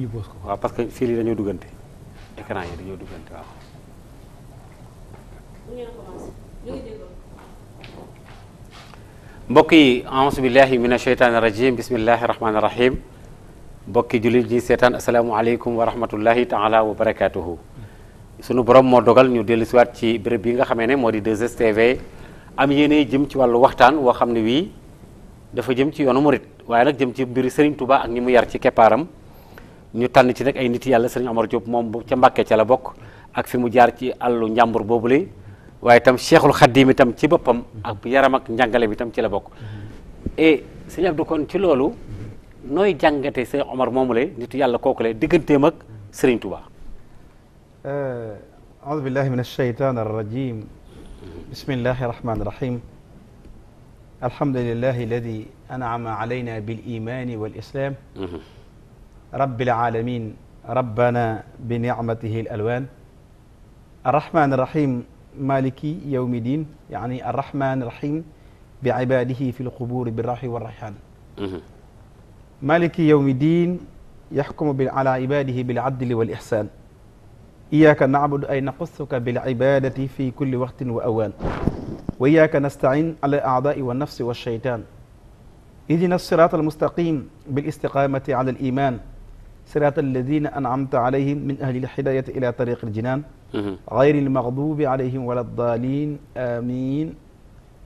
yu parce que fil yi dañoo duggante écran yi dañoo duggante waaw. mbokk yi aùzu billahi mina sheytaani rajim bismillahi rahmaani rahim mbokki jullit ñi seetaan asalaamualeykum wa rahmatullahi taala wa barakaatuhu. sunu borom moo dogal ñu dellusiwaat ci bërëb bi nga xamee ne moo di 2STV am yéene jëm ci wàllu waxtaan woo xam ne wii dafa jëm ci yoonu murit waaye nag jëm ci mbiru Serigne tubaa ak ñi mu yar ci keppaaram. ñu tànn ci nag ay nit yàlla sëriñ Omar Diop moom ca Mbàkke ca la bokk ak fi mu jaar ci àllu njàmbur boobule waaye itam Cheikhul Khadim tam ci boppam ak yaramak ak njàngale bi itam ci la bokk et sëñ Abdou kon ci loolu nooy jàngate sëñ Omar moomule nitu yàlla kooku le digganteem ak sëriñ Touba euh, aoudu billahi min alsheytan arrajim a arrahmani irrahim alhamdulilahi alladi anama alayna bilimani walislam mhm. rabbil aalamiin rabbana bi nicmatihi al-alwaan arrahmaani rahiim maaliki yawmi diin yaani arrahmaani rahiim bi ibaadihi fi lqubuuri birrahi warrayhaan maaliki yawmi diin yaxkumu bi ala ibaadihi bil adli wal ihsaan iyaaka nacbudu ay naqusuka bil ibaadati fi kulli waqtin wa awaan wa iyaaka nastain ala aadaai wa nafsi wa shaytaan ihdina siraat almustaqim bil istiqaamati ala al iimaan siraat alladina anamta alayhim min ahlil hidayati ila tariqil jinaan gayril magdubi alayhim wala dalin amin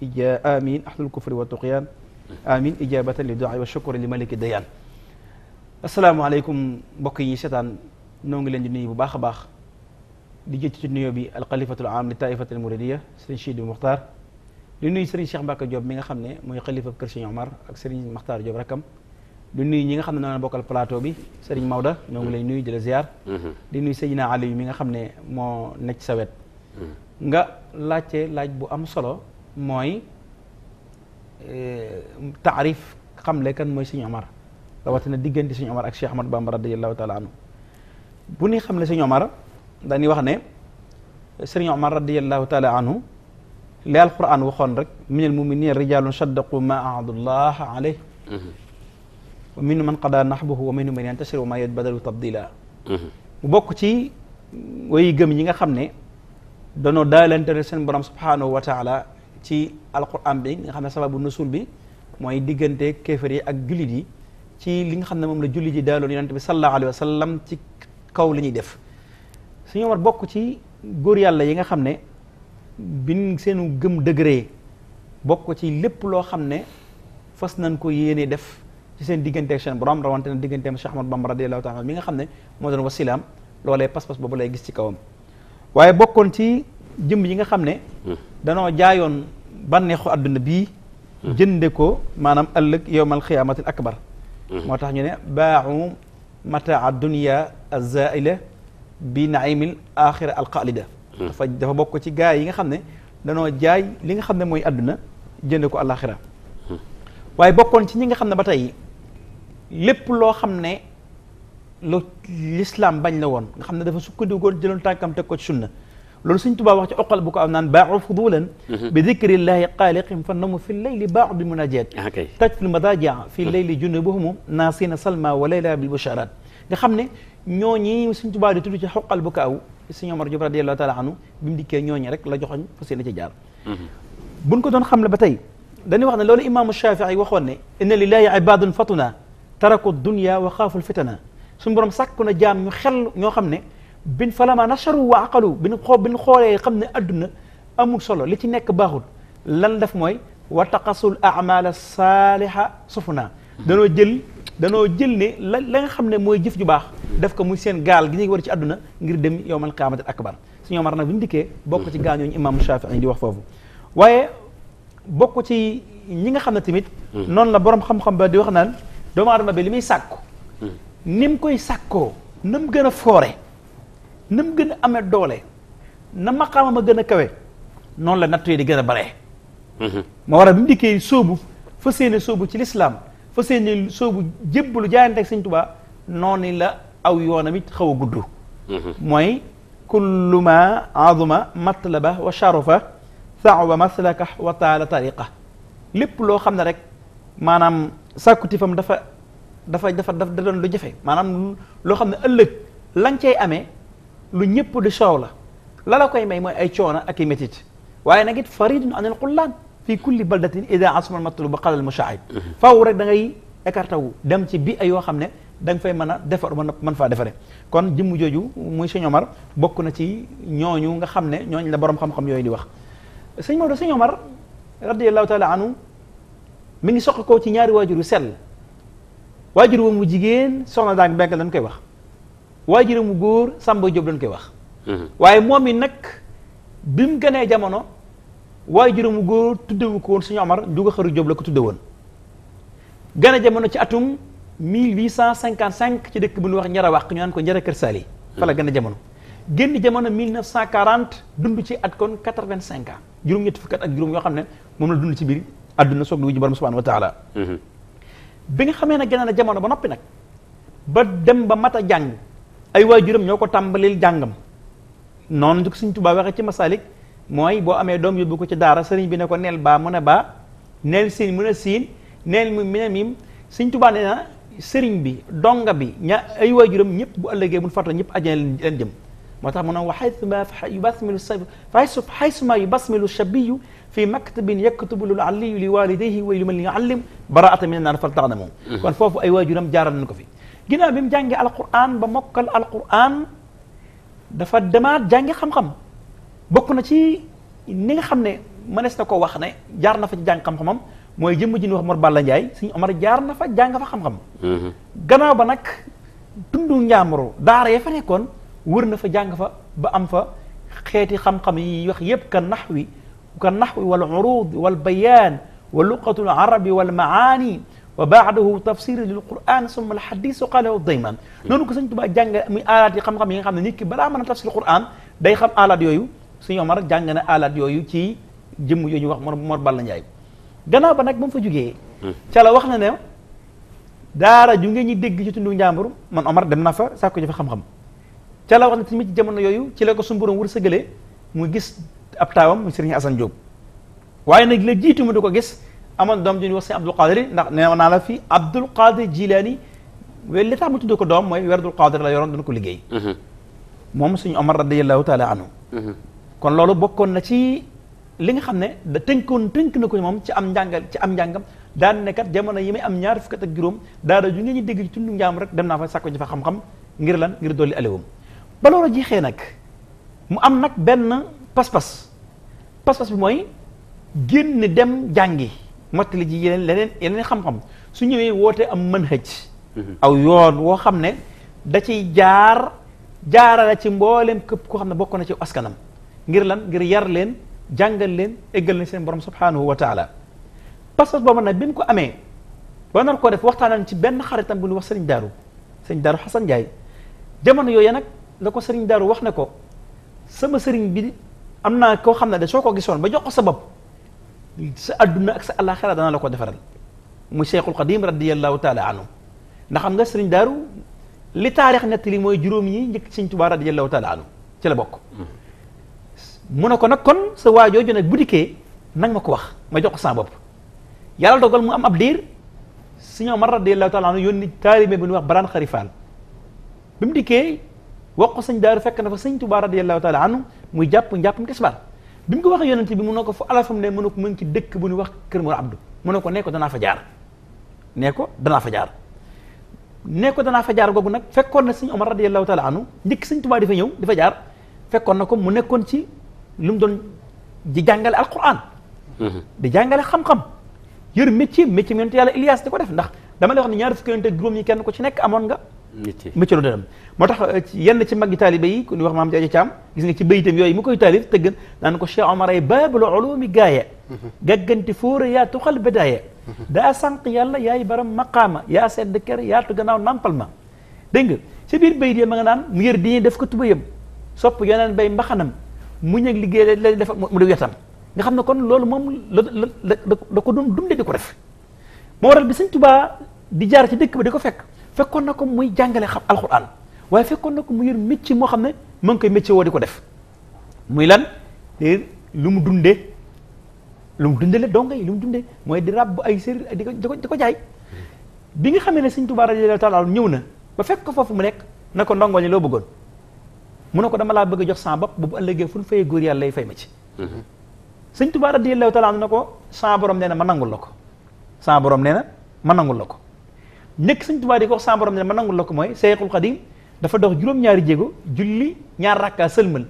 ija amin ahlul kufri wa tuqyaan amin ijabatan li duaa wa shukri li maliki dayaan asalaamaaleykum mbokk yi seetaan noo ngi leen di nuyu bu baax a baax di jëcc ci nuyoo bi alxalifatul am li taifatul muridiya sëriñ Sidi Muxtaar di nuyu sëriñ Cheikh Mbacke Diop mi nga xam ne mooy xalifa kër Sëriñ Omar ak sëriñ Maxtaar Diop rakam du nuyu ñi nga xam ne noonu bokkal plateau bi Serigne Maoda ñoo ngi lay nuyu di la ziar. Mm-hmm. di nuyu Seydina Aliou mi nga xam ne moo nekk sa wet. Mm-hmm. nga laajte laaj bu am solo mooy eh, taarif xamle kan mooy Serigne Omar rawatina diggante Serigne Omar ak Cheikh Ahmad Bamba radiyallahu taala anhu bu ñuy xamle Serigne Omar dañuy wax ne Serigne Omar radiyallahu taala anhu li alquran waxoon rek minal muminina rijalun saddaqu ma ahadullah alayh mm-hmm. wa minu man qadaa nahbahu wa minu man yantasir wa ma yatbadalu tabdila bu mhm. bokk ci way gëm ñi nga xam ne danoo daalante seen borom subhanahu wa taala ci alquran bi nga xam ne sababu nusul bi mooy diggante kéefar yi ak jullit yi ci li nga xam ne moom la jullit yi daaloon yonente bi sallallahu alayhi wa sallam ci kaw li ñuy def suñu bokk ci góor yàlla yi nga xam ne bin seenu gëm degré bokk ci lépp loo xam ne fas nañ ko yéene def ci seen diggante ak seen borom rawante na digganteem Cheikh Ahmad Bamba radiyallahu taala mi nga xam ne moo doon wasilaam loolee pas-pas boobu lay gis ci kawam waaye bokkoon ci jëmm yi nga xam ne hmm. danoo jaayoon bànneexu àdduna bii hmm. jënde ko maanaam ëllëg yowmal xiyaamatil akbar hmm. moo tax ñu ne baaxu mataa dunia azaila bi naimil axira alqalida dafa dafa bokk ci gaay yi nga xam ne danoo jaay li nga xam ne mooy àdduna jënde ko alaxira waaye bokkoon ci ñi nga xam ne ba tey lépp loo xam ne lu lislaam bañ la woon nga xam ne dafa sukkandikoon jëloon tànkam teg ko ci sunna loolu suñ tubaab wax ci oqal bu ko am naan baaxu fudulan mhm. bi dicrillahi xaaliqim fa namu fi leyli baaxu bi munajaat ah, taj fil madajia fi mhm. leyli junubuhum naasina salma wa leyla bil busharat nga xam ne ñooñi suñ tubaab di tudd ci xoqal bu ko aw suñu Omar Diop radiallahu taala anhu bi mu dikkee ñooñi rek la joxoñ fas yéene ci jaar mhm. buñ ko doon xam la ba tey dañuy wax ne loolu imaamu Shafii waxoon ne inna lillahi ibadun fatuna taraku dunya wa xaaful fitana su borom sàkku na jaam ñu xel ñoo xam ne biñ falama nasaru wa aqalu biñ xoo biñ xoolee xam ne adduna amul solo li ci nekk baaxul lan def mooy wa taqasul amala saaliha sufuna danoo jël danoo jël ne lan la xam ne mooy jëf ju baax def ko muy seen gaal gi ñu war ci adduna ngir dem yowmal qiyaamati akbar suñu mar nag bu ñu dikkee bokk ci gaañooñu imam Shafii di wax foofu waaye bokk ci ñi nga xam ne tamit hmm. noonu la boroom xam-xam ba di wax naan doomu aadama bi li muy sàkku ni koy sàkkoo nam gën a foore na gën a amee doole na maqaama ma gën a kawe noonu la nattu yi di gën a bare mhm. moo war a bi mu dikkee sóobu fa séene soobu ci lislaam fa séene sóobu jébbalu jaayante ak sëñ Tuubaa noonu la aw yoonam it xaw a gudd mhm. mooy kulluma azuma matlaba wa sharufa saawa maslaka wa taala tariqa lépp loo xam ne rek maanaam sàkkutifam dafa dafa dafa da doon lu jafe maanaam loo xam ne ëllëg lañ cay amee lu ñëpp di soow la la la koy may mooy ay coono ak i métit waaye nag it faridun anil qullaan fii kulli baldatin ida asmal matlubu qalal mushaaib mhm. faw rek da ngay écarté wu dem ci bi ay yoo xam ne da nga fay mën a defar mën mën faa defare kon jëmm jooju muy sëñ Omar bokk na ci ñooñu nga xam ne ñooñu la borom xam-xam yooyu di wax sëñ Maodo sëñ Omar radiyallahu taala anhu mi ngi soqi koo ci ñaari waajur yu sell waajur wa mu jigéen soxna daag bekk lañ koy wax waajur mu góor Samba Diop lañ koy wax mhm. waaye moom yi nag bi mu gënee jamono waajur mu góor tuddewu ko woon suñu Omar Njuga Xaru Diop la ko tudde woon gane jamono ci atum 1855 ci dëkk bu ñu wax njara wax ñu ko njara kër Saali mhm. fa la gane jamono génn jamono 1940 dund ci at kon 85 juróom-ñetti fukki at ak juróom ñoo xam ne moom la dund ci biir adduna soog di wuji borom subhanahu wa taala bi nga xamee ne gënee na jamono ba noppi nag ba dem ba mat a jàng ay waajuram ñoo ko tàmbalil jàngam noonu di ko Sëriñ Tuubaa ci masaalik mooy boo amee doom yóbbu ko ci daara sëriñ bi nekko ko neel baa mu a baa neel siin mu ne siin neel mu mu miim Sëriñ Tuubaa nee sëriñ bi donga bi ña ay waajuram ñëpp bu ëllëgee mun farta ñëpp ajjana jëm moo tax mu ne wa xaysuma yubasmilu xaysuma yubasmilu shabiyu fi maktabin yaktubu lil aliyu li walidayhi wa li man yuallim baraatan min annaar na taalamuun kon foofu ay waajuram jaaral nañ ko fi ginnaaw bi mu jàngee alquran ba mokkal alquran dafa demaat jàngi xam-xam bokk na ci ni nga xam ne mënees na ko wax ne jaar na fa ci jàng xam-xamam mooy jëmm ji wax Mor Balla Ndiaye suñu Omar jaar na fa jàng fa mm-hmm. gannaaw ba nag tundu njaamoro daara ya fa nekkoon wër na fa jàng fa ba am fa xeeti xam-xam yi wax yépp ka nax wi كالنحو والعروض والبيان ولغة العرب والمعاني wa baadahu tafsir lil quran summa al hadis qalahu dayman noonu ko sëñ Tuubaa jàng muy aalaat yi xam-xam yi nga xam ne nit ki balaa mën a tafsir quran day xam aalaat yooyu suñu Omar jàng na aalaat yooyu ci jëmm yooyu wax Mor Mor Balla Njaay gannaaw ba nag ba fa jógee ca la wax na ne daara ju ngeen ñi dégg ci tundu njàmbur man Omar dem na fa sàkku ji fa xam-xam ca la wax ne ci jamono yooyu ci la ko sumburoom wër sëgalee gis ab taawam mu Serigne Assane waaye nag la jiitu mu di ko gis aman doom ju ñuy wax Serigne Abdul Qadir ndax nee naa la fii Abdul Qadir Jilaani li tax mu tudd ko doom mooy werdul Qadir la yoroon duñ ko liggéey. Mhm. moom suñu Omar radiyallahu taala anhu mhm. kon loolu bokkoon na ci li nga xam ne da tënkoon tënk na ko moom ci am njàngal ci am njàngam daan ne kat jamono yi muy am ñaar fukk ak juróom daara ju ngeen ñu dégg ci tundu njaam rek dem naa fa sàkko ji fa xam-xam ngir lan ngir dolli alewum ba loolu jeexee nag mu am nag benn pas-pas pas-pas bi mooy génn dem jàngi mottali ji yeneen leneen yeneen xam-xam su ñëwee woote am mën xëj mhm. aw yoon woo xam ne da ciy jaar jaarala ci mboolem képp koo xam ne bokk na ci askanam ngir lan ngir yar leen jàngal leen eggal leen seen borom subhanahu wa taala pas-pas boobu nag bi mu ko amee ba nar koo def waxtaan waxtaanal ci benn xaritam bu ñu wax sëriñ daaru Serigne Darou Xasan Ndiaye jamono yooyu nag la ko sëriñ Darou wax ne ko sama sëriñ bi am na koo xam ne de soo ko gisoon ba jox ko sa bopp sa adduna ak sa àllaaxira dana la ko defaral muy Cheikhul Qadim radiyallahu taala anhu ndax xam nga sëriñ daaru li taarix nett li mooy juróom yi njëkk sëriñ Tuubaa radiyallahu taala anhu ci la bokk mm-hmm. mu ne ko nag kon sa waajooju nag bu dikkee nag ma ko wax ma jox ko sa bopp yàlla dogal mu am ab diir sëriñ Omar radiyallahu taala anhu yónni taalibe bi ñu wax baraan xarifaal bi mu dikkee wax ko sëñ daaru fekk na fa sëriñ Tuubaa radiyallahu taala anhu muy jàpp njàppam tisbaar bi mu ko waxee bi mu ne ko fu alafam ne mu ne ko mu ngi ci dëkk bu ñuy wax Kër Mor Abdou mu ne ko nee ko fa jaar nee ko danaa fa jaar nee ko danaa fa jaar googu nag fekkoon na sëñ Omar radiyallahu taala anhu njëkk sëñ Tuubaa di fa ñëw di fa jaar fekkoon na ko mu nekkoon ci lu mu doon ji jàngale alquran mhm. di jàngale xam-xam yor métier métier yonent yàlla Ilias di ko def ndax dama lay wax ne ñaar fukki yonent ak juróom yi kenn ko ci nekk amoon nga métier dërëm moo tax eh, yenn ci maggi taalibe yi ku ñu wax maam Jaaja Caam gis nga ci bayitam yooyu mu koy taalif tëggan daan ko Cheikh Omar ay baabul ulumi gaaya mhm. gàgganti fóora yaa tuxal badaaya mhm. daa sànq yàlla yaay baram yaa sedd ker yaatu gannaaw nampal ma dégg nga ci biir bayit ya ma nga naan ngir diine def ko tubayam sopp yoneen bay mbaxanam mu ñëg liggéey la def mu di wetam nga xam ne kon loolu moom la la la ko doon dundee di ko def moo waral bi Sëñ Tuubaa di jaar ci dëkk ba di ko fekk fekkoon na ko muy jàngale xam alxuraan waaye fekkoon na ko mu yor métier moo xam ne mu ngi koy métier woo di ko def muy lan lu mu dundee lu mu dundale donga yi lu mu dundee mooy di ràbb ay séeréer di ko di ko jaay bi nga xamee ne Sëñ Tuubaa radiyallaahu ñëw na ba fekk ko foofu mu nekk na ko ndongo li loo bëggoon mu ne ko dama laa bëgg jox sama bopp bu ëllëgee fu nu fayee góor yàlla lay fay ma ci mm-hmm. Sëñ Tuubaa radiyallaahu taala na ko sama borom na ma nangul ko sama nee na ma nangul ko nekk sëñ Tuubaa di ko wax sa borom ne ma nangul la ko mooy Seexul Xadiim dafa dox juróom-ñaari jéego julli ñaar rakka sëlmal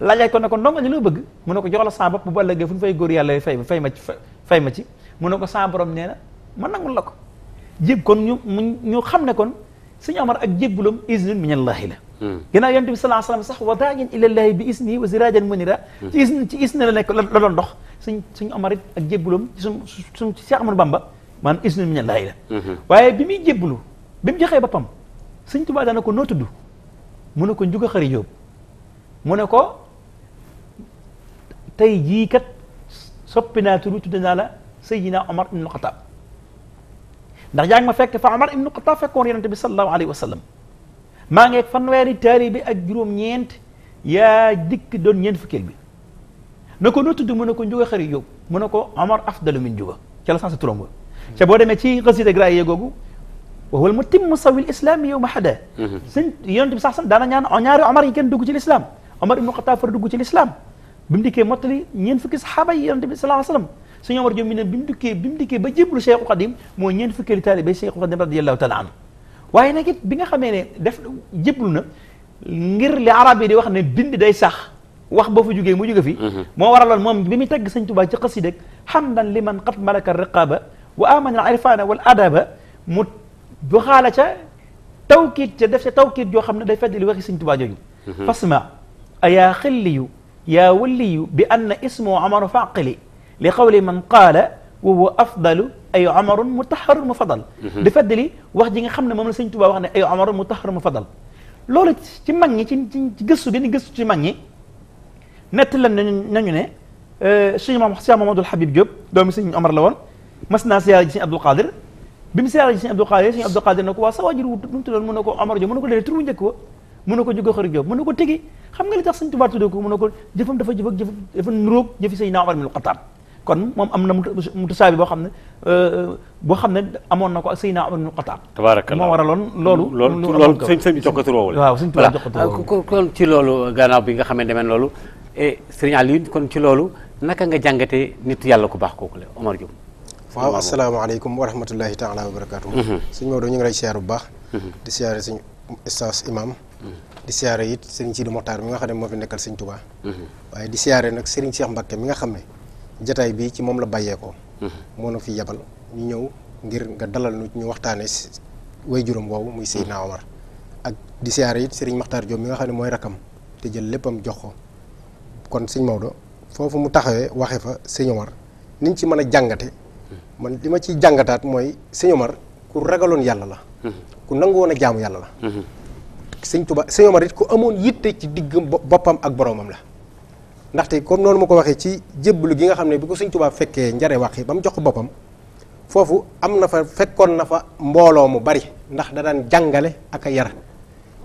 laajaat ko ne ko ndongo li la bëgg mun ne ko jox la sa bopp bu ëllëgee fu ñu fay góor yàlla fay fay ma ci fay ma ci mu ne ko sa nee na ma nangul la ko jéeg kon ñu ñu xam ne kon sëñ Amar ak jébbulam isnun min allahi la hmm. ginnaaw yonent bi sallallahu alayhi wasallam sax wa daajan ilallahi bi isni wa sirajan munira hmm. ci isn ci isn la nekk la doon dox suñ suñu Amar it ak jébbulam ci suñ suñ Seex Ahmadu Bamba man isnu min allaahi la mhm. waaye bi muy jébbalu bi mu joxee boppam sëñ Tuubaa daana ko noo tudd mu ne ko njuga xari jóob mu ne ko tey jii kat soppi naa tudd tudd naa la Seydina Omar ibnu Xataab ndax yaa ngi ma fekk fa Omar ibnu Xataab fekkoon yonente bi sallallahu alayhi wa sallam maa ngi fanweeri taalibe ak juróom-ñeent yaa dikk doon ñeent fukkeel bi na ko noo tudd mu ne ko njuga xari jóob mu ne ko Omar afdalu min njuga ca la sansa turam ca boo demee ci xasida graayee googu wa huwa al mutimmu sawi l islaami yow ma xada mhm. sëñ yonent bi sax san daana ñaan ñaari omar yi kenn dugg ci lislaam omar ibnu xataab far dugg ci lislaam bi mu dikkee mottali ñeen fukki saxaaba yi yonent bi sallallahu alayhi wasallam suñu omar jom mi ne bi mu dikkee bi mu dikkee ba jéblu Cheikhu Xadim moo ñeen fukkeeli taalibe Cheikhu Xadim radiyallahu taala anhu waaye nag it bi nga xamee ne def jéblu na ngir li arab di wax ne bind day sax wax boo fa jógee mu jóge fi mhm. moo waraloon moom bi mu tagg sëñ Tuubaa ci xasidak hamdan liman qad malaka riqaba wa amana al irfana wal adaba mu baxaala ca tawkiit ca def ca tawkiit joo xam ne day fedd li waxi sëñ Tuubaa jooju mhm. fasma ayaa xilliyu yaa walliyu bi anna ismu amaru faqili li qawli man qaala wa huwa afdalu ay amarun mutaharun mu fadal mhm. di fedd li wax ji nga xam ne moom la sëñ Tuubaa wax ne ay amarun mutaharun mu fadal loolu ci mag ñi ci ci gëstu gi ni gëstu ci mag ñi nett lan nañu ne euh, sëñ maam Cheikh Mamadou Habib Diop doomi sëñ Omar la woon mas naa siyaare ji sëñ Abdul Xaadir bi mu siyaare ji sëñ Abdul Xaadir sëñ Abdul na ko na ko wa mun na ko jóge xarit Diop mun na ko tegi xam nga li tax sëñ Tuubaa na ko jëfam dafa jëf ak jëf dafa nuróog jëfi Seydina Omar ibn Xattaab kon moom am na mutasaabi boo xam ne euh, boo xam ne amoon na ko ak Seydina Omar ibn Xattaab tabaaraka moo waraloon loolu loolu sëñ sëñ bi jokkatu roowul waaw sëñ Tuubaa kon ci loolu gannaaw bi nga xam ne loolu eh, sëriñ kon ci loolu naka nga jàngatee nit yàlla ko baax kooku la Omar Diop waaw asalaamaaleykum wa rahmatullahi taala wa barakaatu. Mhm. sëñ Maodo ñu ngi lay siyaar bu baax. Mhm. di siyaare sañ ustaas imam. Mhm. di siyaare it Serigne Sidi Mokhtar mi nga xam ne moo fi nekkal Serigne Touba. waaye di nag Serigne Cheikh Mbacké mi nga xam ne jataay bii ci moom la bàyyeekoo. moo na fi yabal ñu ñëw ngir nga dalal nu ñu waxtaanee si way juróom woowu muy Seydina Omar. ak di siyaare it Serigne Makhtar Diop mi nga xam ne mooy rakam te jël léppam jox ko kon Serigne Maodo foofu mu taxawee waxe fa Serigne Omar niñ ci mën a jàngate man li ma ciy jàngataat mooy sëñ Omar ku ragaloon yàlla la. Mhm. ku nangu woon a jaamu yàlla la. Mhm. sëñ Tuba sëñ Omar it ku amoon yitte ci digg boppam ak boroomam la. ndaxte comme noonu ma ko waxee ci jébbalu gi nga xam ne bi ko sëñ Tuba fekkee njare wax yi ba mu jox ko boppam foofu am na fa fekkoon na fa mbooloo mu bari ndax da daan jàngale ak a yar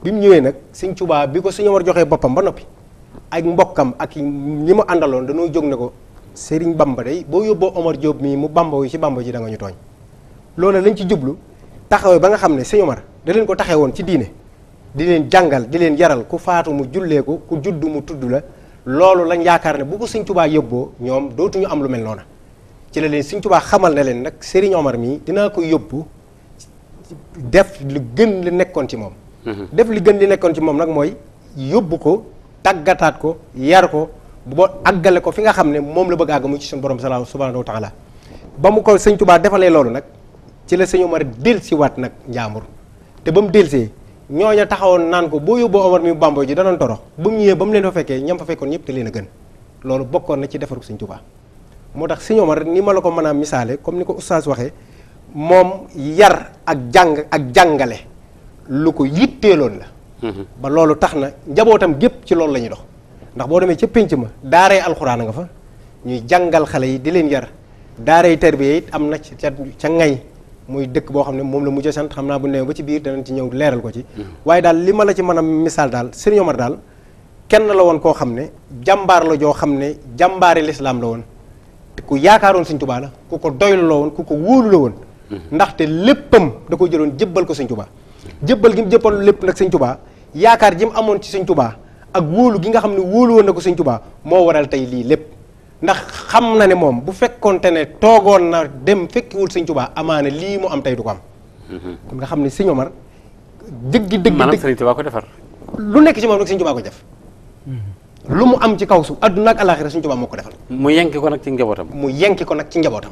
bi mu ñëwee nag sëñ Tuba bi ko sëñ Omar joxee boppam ba noppi. ak mbokkam ak ñi ma àndaloon dañoo jóg ne ko Serigne Bamba dey boo yóbboo Omar Diop mii mu Bamba wu ci Bamba ji da ñu tooñ loolu lañ ci jublu taxawee ba nga xam ne sëñ Omar da leen ko taxee woon ci diine di leen jàngal di leen yaral ku faatu mu jullee ko ku judd mu tudd la loolu lañ yaakaar ne bu ko sëñ Tubaa yóbboo ñoom dootuñu am lu mel noona ci la leen sëñ Tubaa xamal na leen nag Serigne Omar mii dinaa ko yóbbu def lu gën li nekkoon ci moom mhm. def li gën li nekkoon ci moom nag mooy yóbbu ko tàggataat ko yar ko ba àggale ko fi nga xam ne moom la bëgg àgg mu ci suñu borom subhanahu wa taala ba mu ko sëñ tubaa defalee loolu nag ci la sëñ Omar dellusiwaat nag njaambur te ba mu dellusee ñooña taxawoon naan ko boo yóbboo Omar mi bamboy ji danoon torox ba mu ñëwee ba mu leen fa fekkee ñam fa fekkoon ñëpp te leen a gën loolu bokkoon na ci defaru sëñ Tuubaa moo tax sëñ Omar ni ma la ko mën a misaale comme ni ko oustaz waxee moom yar ak jàng ak jàngale lu ko yitteeloon la mm-hmm. ba loolu tax na njabootam gépp ci loolu la ñuy dox ndax boo demee ca pénc ma daaray alxuraan nga fa ñuy jàngal xale yi di leen yar daaray tarbiya it am na ca ca ngay mooy dëkk boo xam ne moom la mujj sant xam naa bu néew ba ci biir danañ ci ñëw leeral ko ci mm-hmm. waaye daal li ma la ci mën a misaal daal Serigne Omar daal kenn la woon koo xam ne jàmbaar la joo xam ne jàmbaari lislaam la woon ku yaakaaroon Serigne Touba la ku ko doylu la woon ku ko wóolu la woon mm-hmm. ndaxte léppam da ko jëloon jëbbal ko Serigne Touba mm-hmm. gi mu lépp nag Serigne Touba yaakaar ji amoon ci Serigne ak wóolu gi nga xam ne wóolu na ko sëñ Tuubaa moo waral tey lii lépp ndax xam na ne moom bu fekkonte ne toogoon na dem fekkiwul sëñ Tuubaa amaane lii mu am tey du ko am. Mhm. kon nga xam ne sëñ Omar. dëgg dëgg maanaam sëñ Tuubaa ko defar. lu nekk ci moom sëñ Tuubaa ko def. Mhm. lu mu am ci kaw suuf àdduna ak alaaxira sëñ Tuubaa moo ko defal. mu yenki ko nag ci njabootam. mu yenki ko nag ci njabootam.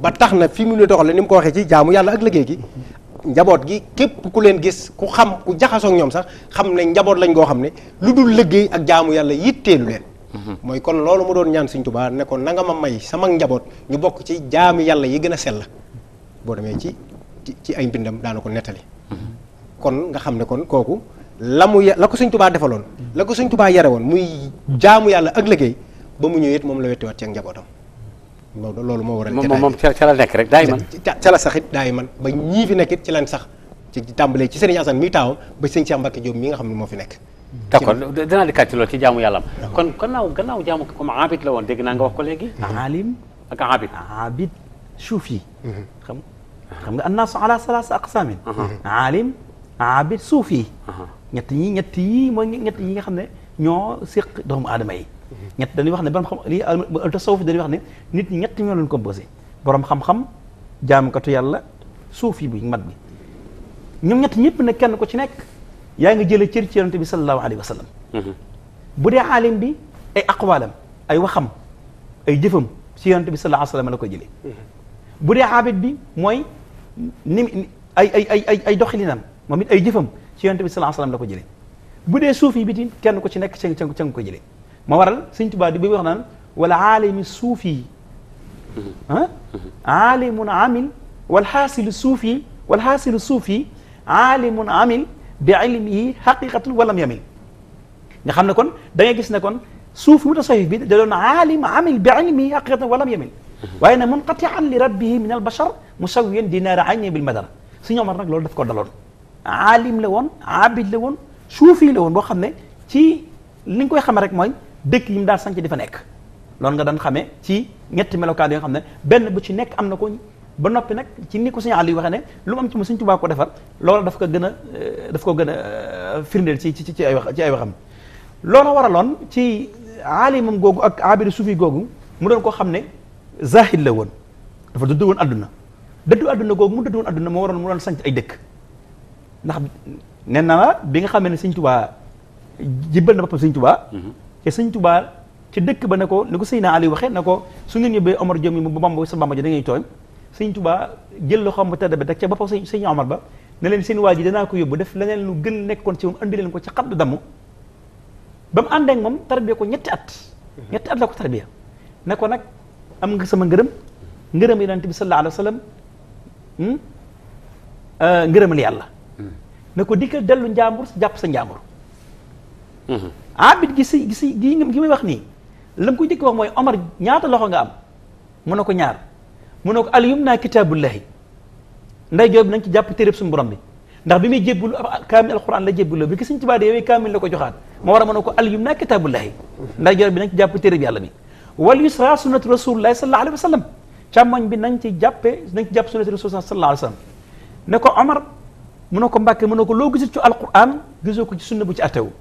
ba tax na fi mu ne doxalee ni mu ko waxee ci jaamu yàlla ak liggéey gi njaboot gi képp ku leen gis ku xam ku jaxasoo ñoom sax xam ne njaboot lañ goo xam ne lu dul liggéey ak jaamu yàlla yitteelu leen mhm. mooy kon loolu mu doon ñaan Sëñ Tuubaa ne ko na nga ma may sama njaboot ñu bokk ci jaamu yàlla yi gën a sell boo demee ci ci ay mbindam daana ko nettali mhm. kon nga xam ne kon kooku la mu la ko Sëñ Tuubaa defaloon la ko Sëñ Tuubaa yare woon muy jaamu yàlla ak liggéey ba mu ñëwee moom la wettiwaat ci ak njabootam loolu moo waral. moom moom ca la nekk rek daay man ca la saxit daay man ba ñii fi nekkit ci lan sax ci tàmbalee ci Serigne Assane mi taawam ba Serigne Cheikh Mbacke Diop mi nga xam ne moo fi nekk. d'accord dinaa dikkaat ci loolu ci jaamu yàlla am. kon gannaaw gannaaw jaamu ko comme abid la woon dégg naa nga wax ko léegi. alim ak abid. abid suufi. Mhm. xam xam nga annaasu ala salaasa aqsaamin. Mhm. alim abid suufi. Mhm. ñett yi ñett yi mooy ñett yi nga xam ne ñoo séq doomu aadama yi ñett dañuy wax ne borom xam lii tasawuf dañuy wax ne nit ñi ñett ñoo leen composé borom xam-xam jaamukatu yàlla suufi bi mat bi ñoom ñett ñëpp nag kenn ku ci nekk yaa ngi jëlee cër ci yonent bi sallallahu alayhi wa sallam mhm. bu dee aalim bi ay aqwaalam ay waxam ay jëfam ci yonent bi sallallahu alayhi la ko jëlee mhm. bu dee aabid bi mooy ni ay ay ay ay ay doxalinam moom it ay jëfam ci yonent bi sallallahu alayhi wa sallam la bu dee suufi bi tin kenn ku ci nekk cëng cëng cëng ko jëlee ma waral sëñ Tuubaa di bi wax naan wala aalimi suufi ah aalimun amil wal xaasilu suufi wal xaasilu suufi aalimun amil bi ilmihi xaqiqatun walam yamil nga xam ne kon da ngay gis ne kon suuf mutasawif bi da doon aalim amil bi ilmihi xaqiqatan walam yamil waaye nag munqatian li rabbihi min al bashar musawiyan dinaara ayni bil madar Sëñ Omar nag loolu daf ko daloon aalim la woon abid la woon suufi la woon boo xam ne ci li nga koy xamee rek mooy dëkk yi mu daa sanc di fa nekk loolu nga daan xamee ci ñetti melokaan yi xam ne benn bu ci nekk am na ko ba noppi nag ci ni ko sëñ Aliou waxee ne lu mu am ci mu sëñ Tuubaa loolu daf ko gën a euh, daf ko gën a euh, firndeel ci ci ci ay wax ci ay waxam loolu waraloon ci aalimam googu ak abidi suufi googu mu doon koo xam ne zahid la woon dafa dëddu woon adduna dëddu adduna googu mu dëddu waroon mu doon sanc ay dëkk ndax nee naa bi nga xamee ne sëñ Tuubaa jibbal na boppam sëñ Tuubaa mm-hmm. te sëñ tubaa ca dëkk ba ne ko ni ko sëñ naa Aliou waxee ne ko su ngeen ñëbbee Omar Diom yi mu bamba sa bamba ji da ngay tooñ sëñ tubaa jël loxoom bu tëdd ba teg ca boppam sëñ sëñ Omar ba ne leen seen waa ji danaa ko yóbbu def leneen lu gën nekkoon ci moom andi leen ko ci xabdu damm ba mu ànd moom tarbiya ko ñetti at mhm. ñetti at la ko nag am nga sama ngërëm ngërëm yonent bi sallallahu alayhi wa sallam hmm? euh, ngërëmal yàlla mhm. na ko dikkal dellu njàmbur jàpp sa njàmbur mhm. abit gi si gi si gi may wax nii la nga ko njëkk mooy Omar ñaata loxo nga am mun na ko ñaar mun na ko aliyum naa kitaabullahi nday joob nañ ci jàpp téréb suñu borom bi ndax bi muy jébbulu kaamil alquran la jébbuloo bi ki suñ tubaab yooyu kaamil la ko joxaat moo war a mën a ko aliyum naa kitaabullahi nday joob bi nañ ci jàpp téréb yàlla bi wal yusra sunnatu rasulillahi sallallahu alayhi wa sallam càmmoñ nañ ci jàppee nañ ci jàpp sunnatu rasul sallallahu alayhi wa sallam ko Omar mun na ko mbàkke mun na ko loo gisul ci alquran gisoo ko ci sunna bu ci attewu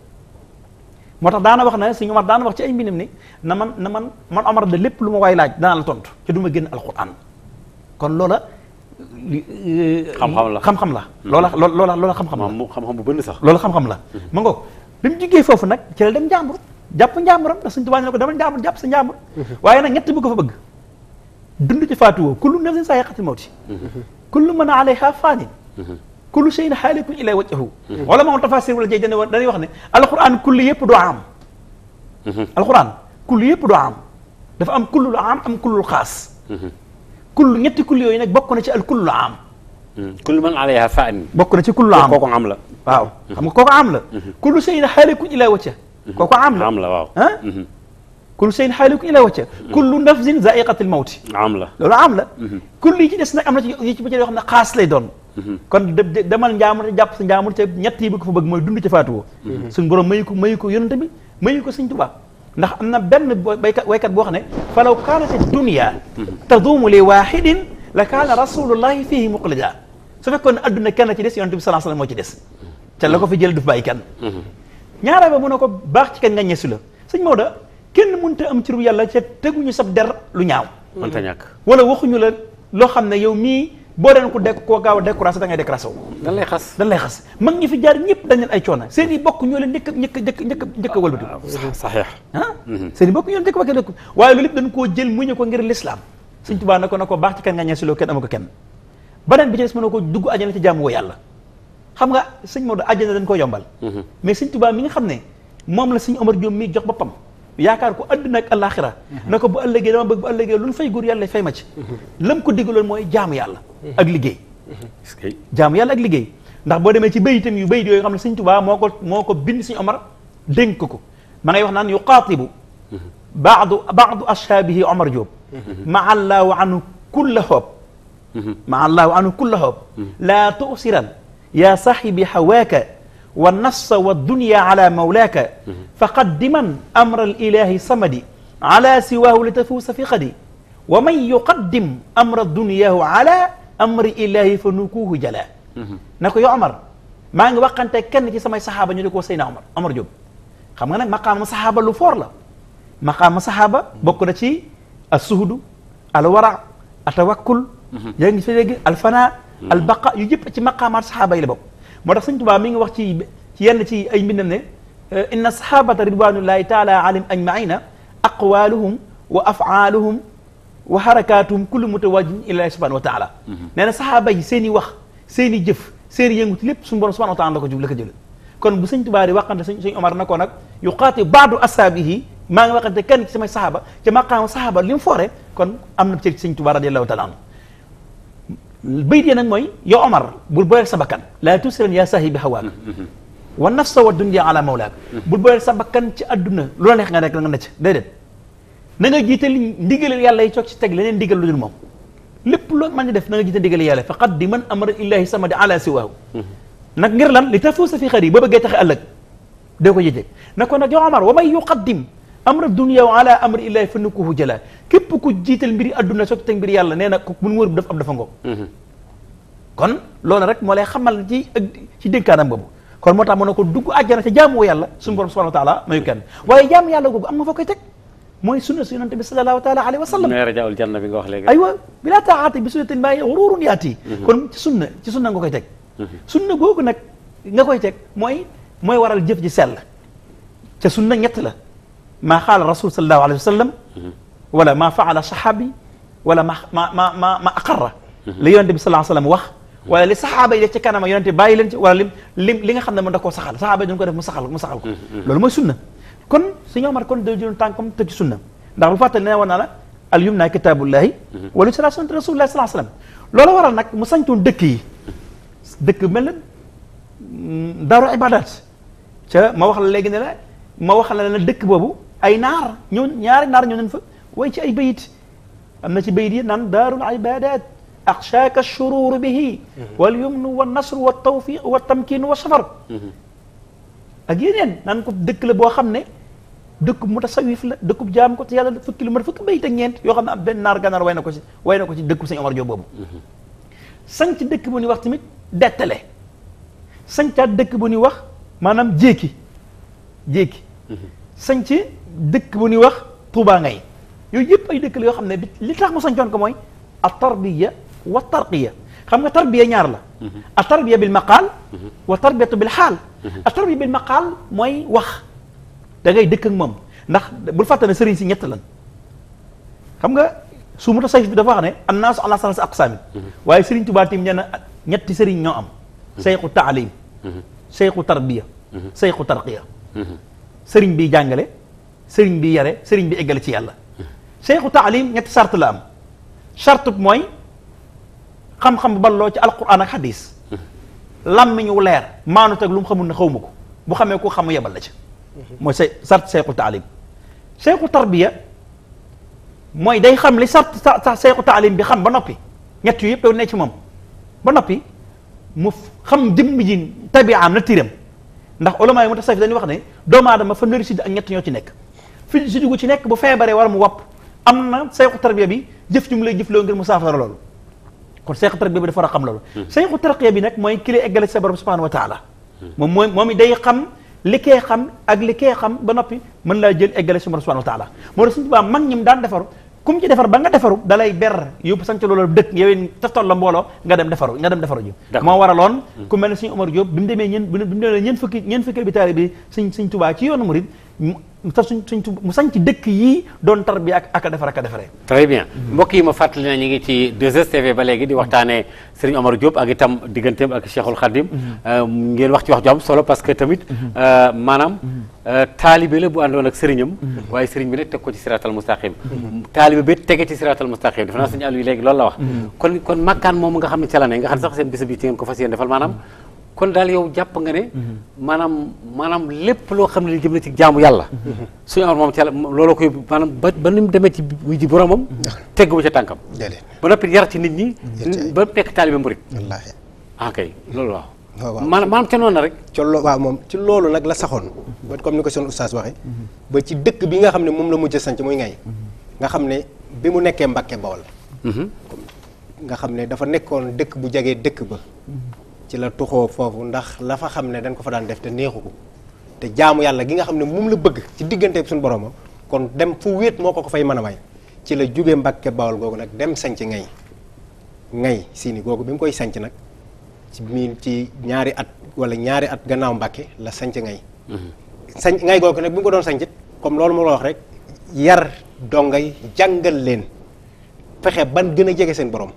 moo daana wax na si suñu ma daana wax ci ay mbindam ni na man na man man Omar de lépp lu ma waay laaj danaa la tontu ci du ma génn alquran kon loola. Euh, xam-xam la xam-xam la. loola loola loola xam-xam la xam-xam bu bëri sax. loola xam-xam la. Mm-hmm. ma ngoog bi mu jugee foofu nag ci la dem njàmbur jàpp njàmburam ndax suñu tubaab ne ko dama njàmbur jàpp sa njàmbur. Mm-hmm. waaye nag ñett bi ko fa bëgg. dund ci faatuwoo kullu nafsin saa yaqatil mawti mm-hmm. kullu man alayha faanin kullu shay'in haalikun illaa wajhahu wala moom tafasir wala jay dañuy wax dañuy wax ne alquran kulli yëpp doo am alquran kulli yëpp doo am dafa am kullul am am kullul xaas kull ñetti kull yooyu nag bokk na ci al kullul am kullu man alayha faan bokk na ci kullul am kooku am la waaw xam nga kooku am la kullu shay'in haalikun illaa wajhahu kooku am la am la waaw ah kullu shay'in haalikun illaa wajhahu kullu nafsin zaa'iqatul mawti am la loolu am la mhm. kull yi ci des nag am na ci yi ci bëccëg yoo xam ne xaas lay doon kon demal njaamur te jàpp sa njaamur te ñett yi bi ko fa bëgg mooy dund ci faatuwoo mhm. suñ borom mayu ko mayu ko yonante bi mayu ko sëñ Tuubaa ndax am na benn baykat waykat boo xam ne falaw kaanati dunya mhm. taduumu li waahidin la kaana rasulullahi fihi muqlida su fekkoon ne adduna kenn ci des yonante bi salaa salaam moo ci des te mhm. la ko fi jël du fi bàyyi kenn ñaara ba mu ne ko baax ci kan nga ñesu la sëñ Maodo kenn mënta am ci ru yàlla ca teguñu sab der lu ñaaw mënta ñàkk wala waxuñu la loo xam ne yow mii boo deen ku dek koo gaaw a découragé da ngay découragé wu dan lay xas dan lay xas mag ñi fi jaar ñëpp dañ leen ay coono seen i bokk ñoo leen njëkk njëkk njëkk njëkk njëkk a walbati saxiix ah, ah? Mhm. seen i bokk ñoo leen njëkk wakkee waaye loolu lépp dañ koo jël muñu ko ngir lislaam suñ tubaa na ko na ko baax ci kenn nga ñee si loo kenn ama ko kenn beneen bi ci des mën ko dugg àjjana ci jaamu woo yàlla xam nga sëñ Maodo àjjana dañ ko yombal mhm. mais sëñ tubaa mi nga xam ne moom la sëñ Omar jox boppam yaakaar ko àdduna ak àllaaxira mhm. na ko bu ëllëgee dama bëgg bu ëllëgee lu ñu fay góor yàlla fay ma ci mhm. lam ko digaloon mooy jaamu yàlla mhm. ak liggéey jaamu yàlla ak liggéey ndax boo demee ci bayitam yu bayit yooyu xam ne sëñ Tuubaa moo ko moo ko bind sëñ Omar dénk ko ma ngay wax naan yu qaatibu baadu baadu ashaabihi Omar Diop ma allaahu anhu kulla xoob ma allaahu anhu kulla xoob laa tuusiran yaa saxibi hawaaka wa nafsa wa dunya ala mawlaaka faqaddiman amra alilahi samadi ala siwaahu li tafuusa fi xadi wa man yuqaddim amra duniyaahu ala amri ilahi fa nukuuhu jala na ko yow Omar maa ngi waxante kenn ci samay saxaaba ñu di ko Seyna Omar Omar Diop xam nga nag maqaama saxaaba lu foor la maqaama saxaaba bokk na ci as-suhdu al-wara atawakkul yaa ngi fi dégg al-fana al-baqa yu jëpp ci maqaamaat saxaaba yi la bokk moo tax sëñ Tuubaa mi ngi wax ci ci yenn ci ay na ne eh, inna sahabata ridwanullahi taala alim ajmaina aqwaluhum wa afaaluhum wa harakatuhum kullu mutawajjin ilallahi subhanahu wa taala mhm. nee na sahaaba yi seen i wax seen i jëf seen i yënguti lépp suñu borom subhanahu wa taala la ko jub la ko jël kon bu sëñ Tuubaa di waxante sëñ sëñ Omar na ko nag yuqaati baadu asaabihi maa ngi waxante kenn ci samay sahaaba ca maqaamu sahaaba li mu foore kon am na cër ci sëñ Tuubaa radiyallahu taala anhu bayit ya nag mooy yo Omar bul booyal sa bakkan laa tusiran yaa saahibi hawaak wa nafsa wa dunya ala mawlaak bul booyal sa bakkan ci àdduna lu la neex nga nekk la nga necc déedéet na nga jiital ndigalel yàlla yi coog ci teg leneen ndigal lu dul moo lépp loo man di def na nga jiital ndigal yàlla faqad di man amara illahi samadi ala siwaahu nag ngir lan li tafuusa fi xar yi boo bëggee taxe ëllëg doo ko jiite na ko nag yow Omar wa may yuqaddim amra dunya wa ala amri illahi fa nukuhu jëla képp ku jiital mbiri adduna sotti teg mbiri yàlla nee na ko mun wër bu daf am dafa ngoog mhm. kon loolu rek moo la xamal ci ak ci dénkaanam boobu kon moo tax mën na ko dugg àjjana ca jaamu yàlla suñu borom subhanahu wa taala mayu kenn waaye jaamu yàlla googu am nga foo koy teg mooy sunna su yonante bi sallallahu taala alayhi wa sallam rajaul janna bi nga wax léegi aywa bila taaati bi sunnatin maa xururun yaati mhm. kon ci sunna ci sunna nga koy teg mhm. sunna googu nag nga koy teg mooy mooy waral jëf ji sell ca sunna ñett la maa xaala rasul sallallahu alayhi wa sallam wala maa faala saxaabi wala ma ma ma ma ma aqarra li yonente bi sallallahu alayhi wa sallam wax wala li saxaaba yi def ci kanama yonente bàyyi leen ci wala lim lim li nga xam ne mën da koo saxal saxaaba yi dañ ko def mu saxal mu saxal ko loolu mooy sunna kon suñu Omar kon day jël tànkam te ci sunna ndax bu fàttali ne woon naa la al yumna kitaabullahi wala sira sunnat rasulillahi sallallahu alayhi wa sallam loolu waral nag mu sañtoon dëkk yi dëkk mel na daaru ibadat ca ma wax la léegi ne la ma wax la la dëkk boobu ay naar ñoo ñaari naar ñoo nen fa way ci ay bayit am na ci bayit yi naan daarul ibadat axshaaka shuruur bihi mhm. wal yumnu wa nasru wa tawfiq wa tamkin wa safar mhm. ak yeneen naan ko dëkk la boo xam ne dëkk dëkkub mutasawif la dëkkub jaam ko te yàlla fukki lu mat fukk bayit ak ñeent yoo xam ne am benn naar gànnaar way na ko ci way na ko ci dëkkub sëñ Omar Diop mhm. dëkk bu ñuy wax tamit dettale sancaat dëkk bu ñuy wax maanaam jéeki jéeki sañc dëkk bu ñuy wax Touba ngay yooyu yëpp ay dëkk la yoo xam ne li tax mu sañcoon ko mooy a tarbiya wa tarqiya xam nga tarbiya ñaar la mhm. a bi bil maqaal mhm. wa bi bil xaal mhm. a bi bil maqaal mooy wax da ngay dëkk moom ndax bul fàtte ne sëriñ si ñett lan xam nga su mu tasawuf bi dafa wax ne an naasu ala salaasi aqsaamin waaye sëriñ Tuubaa tim nee na ñetti sëriñ ñoo am sayxu taalim sayxu tarbiya sayxu tarqiya sëriñ bi jàngale sëriñ bi yare sëriñ bi eggale ci yàlla seexu taalim ñetti sart la am sart mooy xam-xam balloo ci alquran ak xadis làmmiñ wu leer maanut ak lu mu na ne xaw ma ko bu xamee ko xamu yebal la ca mooy se sart seexu taalim seexu tarbiya mooy day xam li sart seexu taalim bi xam ba noppi ñett yu yëpp daw ne ci moom ba noppi mu xam jëmm ji tabiaam na tiram ndax ulama yi mu tasawuf dañuy wax ne doomu aadama fanweeri sidda ak ñett ñoo ci nekk fi sidda gu ci nekk bu feebaree war mu wopp am na sayxu tarbiya bi jëf ju mu lay jëfloo ngir mu saafara loolu kon sayxu tarbiya bi dafa war a xam loolu hmm. sayxu tarbiya bi nag mooy ki lay eggale sa borom subhanahu wa taala hmm. moom mooy day xam li kee xam ak li kee xam ba noppi mën laa jël eggale sa borom subhanahu wa taala moo tax suñu tubaab mag ñim daan defaru kum ci defar ba nga defaru dalay ber yóbbu sanc loolu dëkk yoween taftal la mbooloo nga dem defaru nga dem defaru ji moo waraloon hmm. ku mel ne suñu Omar Diop bi mu demee ñeen fukki bi taali bi suñ Tubaa ci yoonu murid mu sax suñ suñ sañ ci dëkk yi doon tar bi ak ak a defar ak a defaree. très bien mbokk yi ma fàttali na ñu ngi ci 2STV ba léegi di mm-hmm. waxtaanee Serigne Omar Diop ak itam digganteem ak Cheikhul Khadim. Mm-hmm. Euh, ngeen wax ci wax ju am solo parce que tamit mm-hmm. euh, maanaam. Euh, taalibe la bu àndoon ak sëriñam waaye sëriñ bi nag teg ko ci siraatal mustaqim taalibe bi tege ci siraatal mustaqim dafa naa sëñ Aliou léegi la wax kon makkaan moom nga xam ne ca nga xam sax seen bis kon daal yow jàpp nga ne mhm. maanaam maanaam lépp loo xam ne li jëm na ci jaamu yàlla mhm. suñu amar moom ci looloo koy maanaam ba ba ni mu demee ci wuy ji boromam mhm. teggu ca tànkam ba noppi yar ci nit ñi ba nekk taalibe murit wallaahi ah, loolu waaw waaw maanaam maanaam ca rek. ca loo moom ci loolu nag la saxoon. ba comme ni ko seen ustaas ba ci dëkk bi nga xam ne moom la mujj a sanc muy ngay. nga xam ne bi mu nekkee Mbàkke Bawol. nga xam ne dafa nekkoon dëkk bu jegee dëkk ba. ci la tuxoo foofu ndax la fa xam ne dañ ko fa daan def te neexu ko te jaamu yàlla gi nga xam ne moom la bëgg ci diggante digganteeg suñu boromam kon dem fu wéet moo ko ko fay mën a may ci la jóge mbakke Bawol googu nag dem sanc ngay ngay siini googu bi mu koy sanc nag ci mii ci ñaari at wala ñaari at gannaaw Mbàkke la sanc ngay mhm. sanc ngay googu nag bi mu ko doon sancit comme loolu moo la wax rek yar dongay jàngal leen fexe ban gën a jege seen borom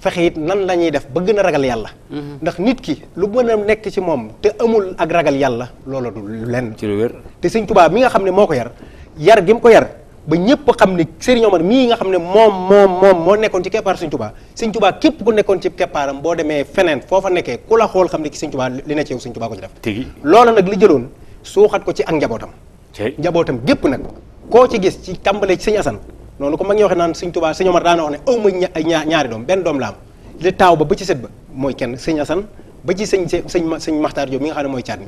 fexe it nan la ñuy def ba gën a ragal yàlla. Mhm. ndax nit ki lu mën a nekk ci moom te amul ak ragal yàlla loola du lenn. ci lu te sëñ Tuubaa mi nga xam ne moo ko yar yar gi ko yar. ba ñëpp xam ne Serigne Omar mii nga xam ne moom moom moom moo nekkoon ci keppaar Serigne Touba Serigne Touba képp ku nekkoon ci keppaaram boo demee feneen foofa nekkee ku la xool xam ne ki Serigne Touba li ne ci yow Serigne Touba ko ci def loola nag li jëloon suuxat ko ci ak njabootam njabootam gépp nag koo ci gis ci tàmbalee ci Serigne Assane noonu ko mag ñi waxee naan sëñ Tuubaa sëñ Omar daana wax ne aw ma ay ñaari doom benn doom la ba ba ci sët ba mooy kenn sëñ Asan ba sëñ sëñ sëñ Maxtaar Jóob mi nga xam ne mooy caat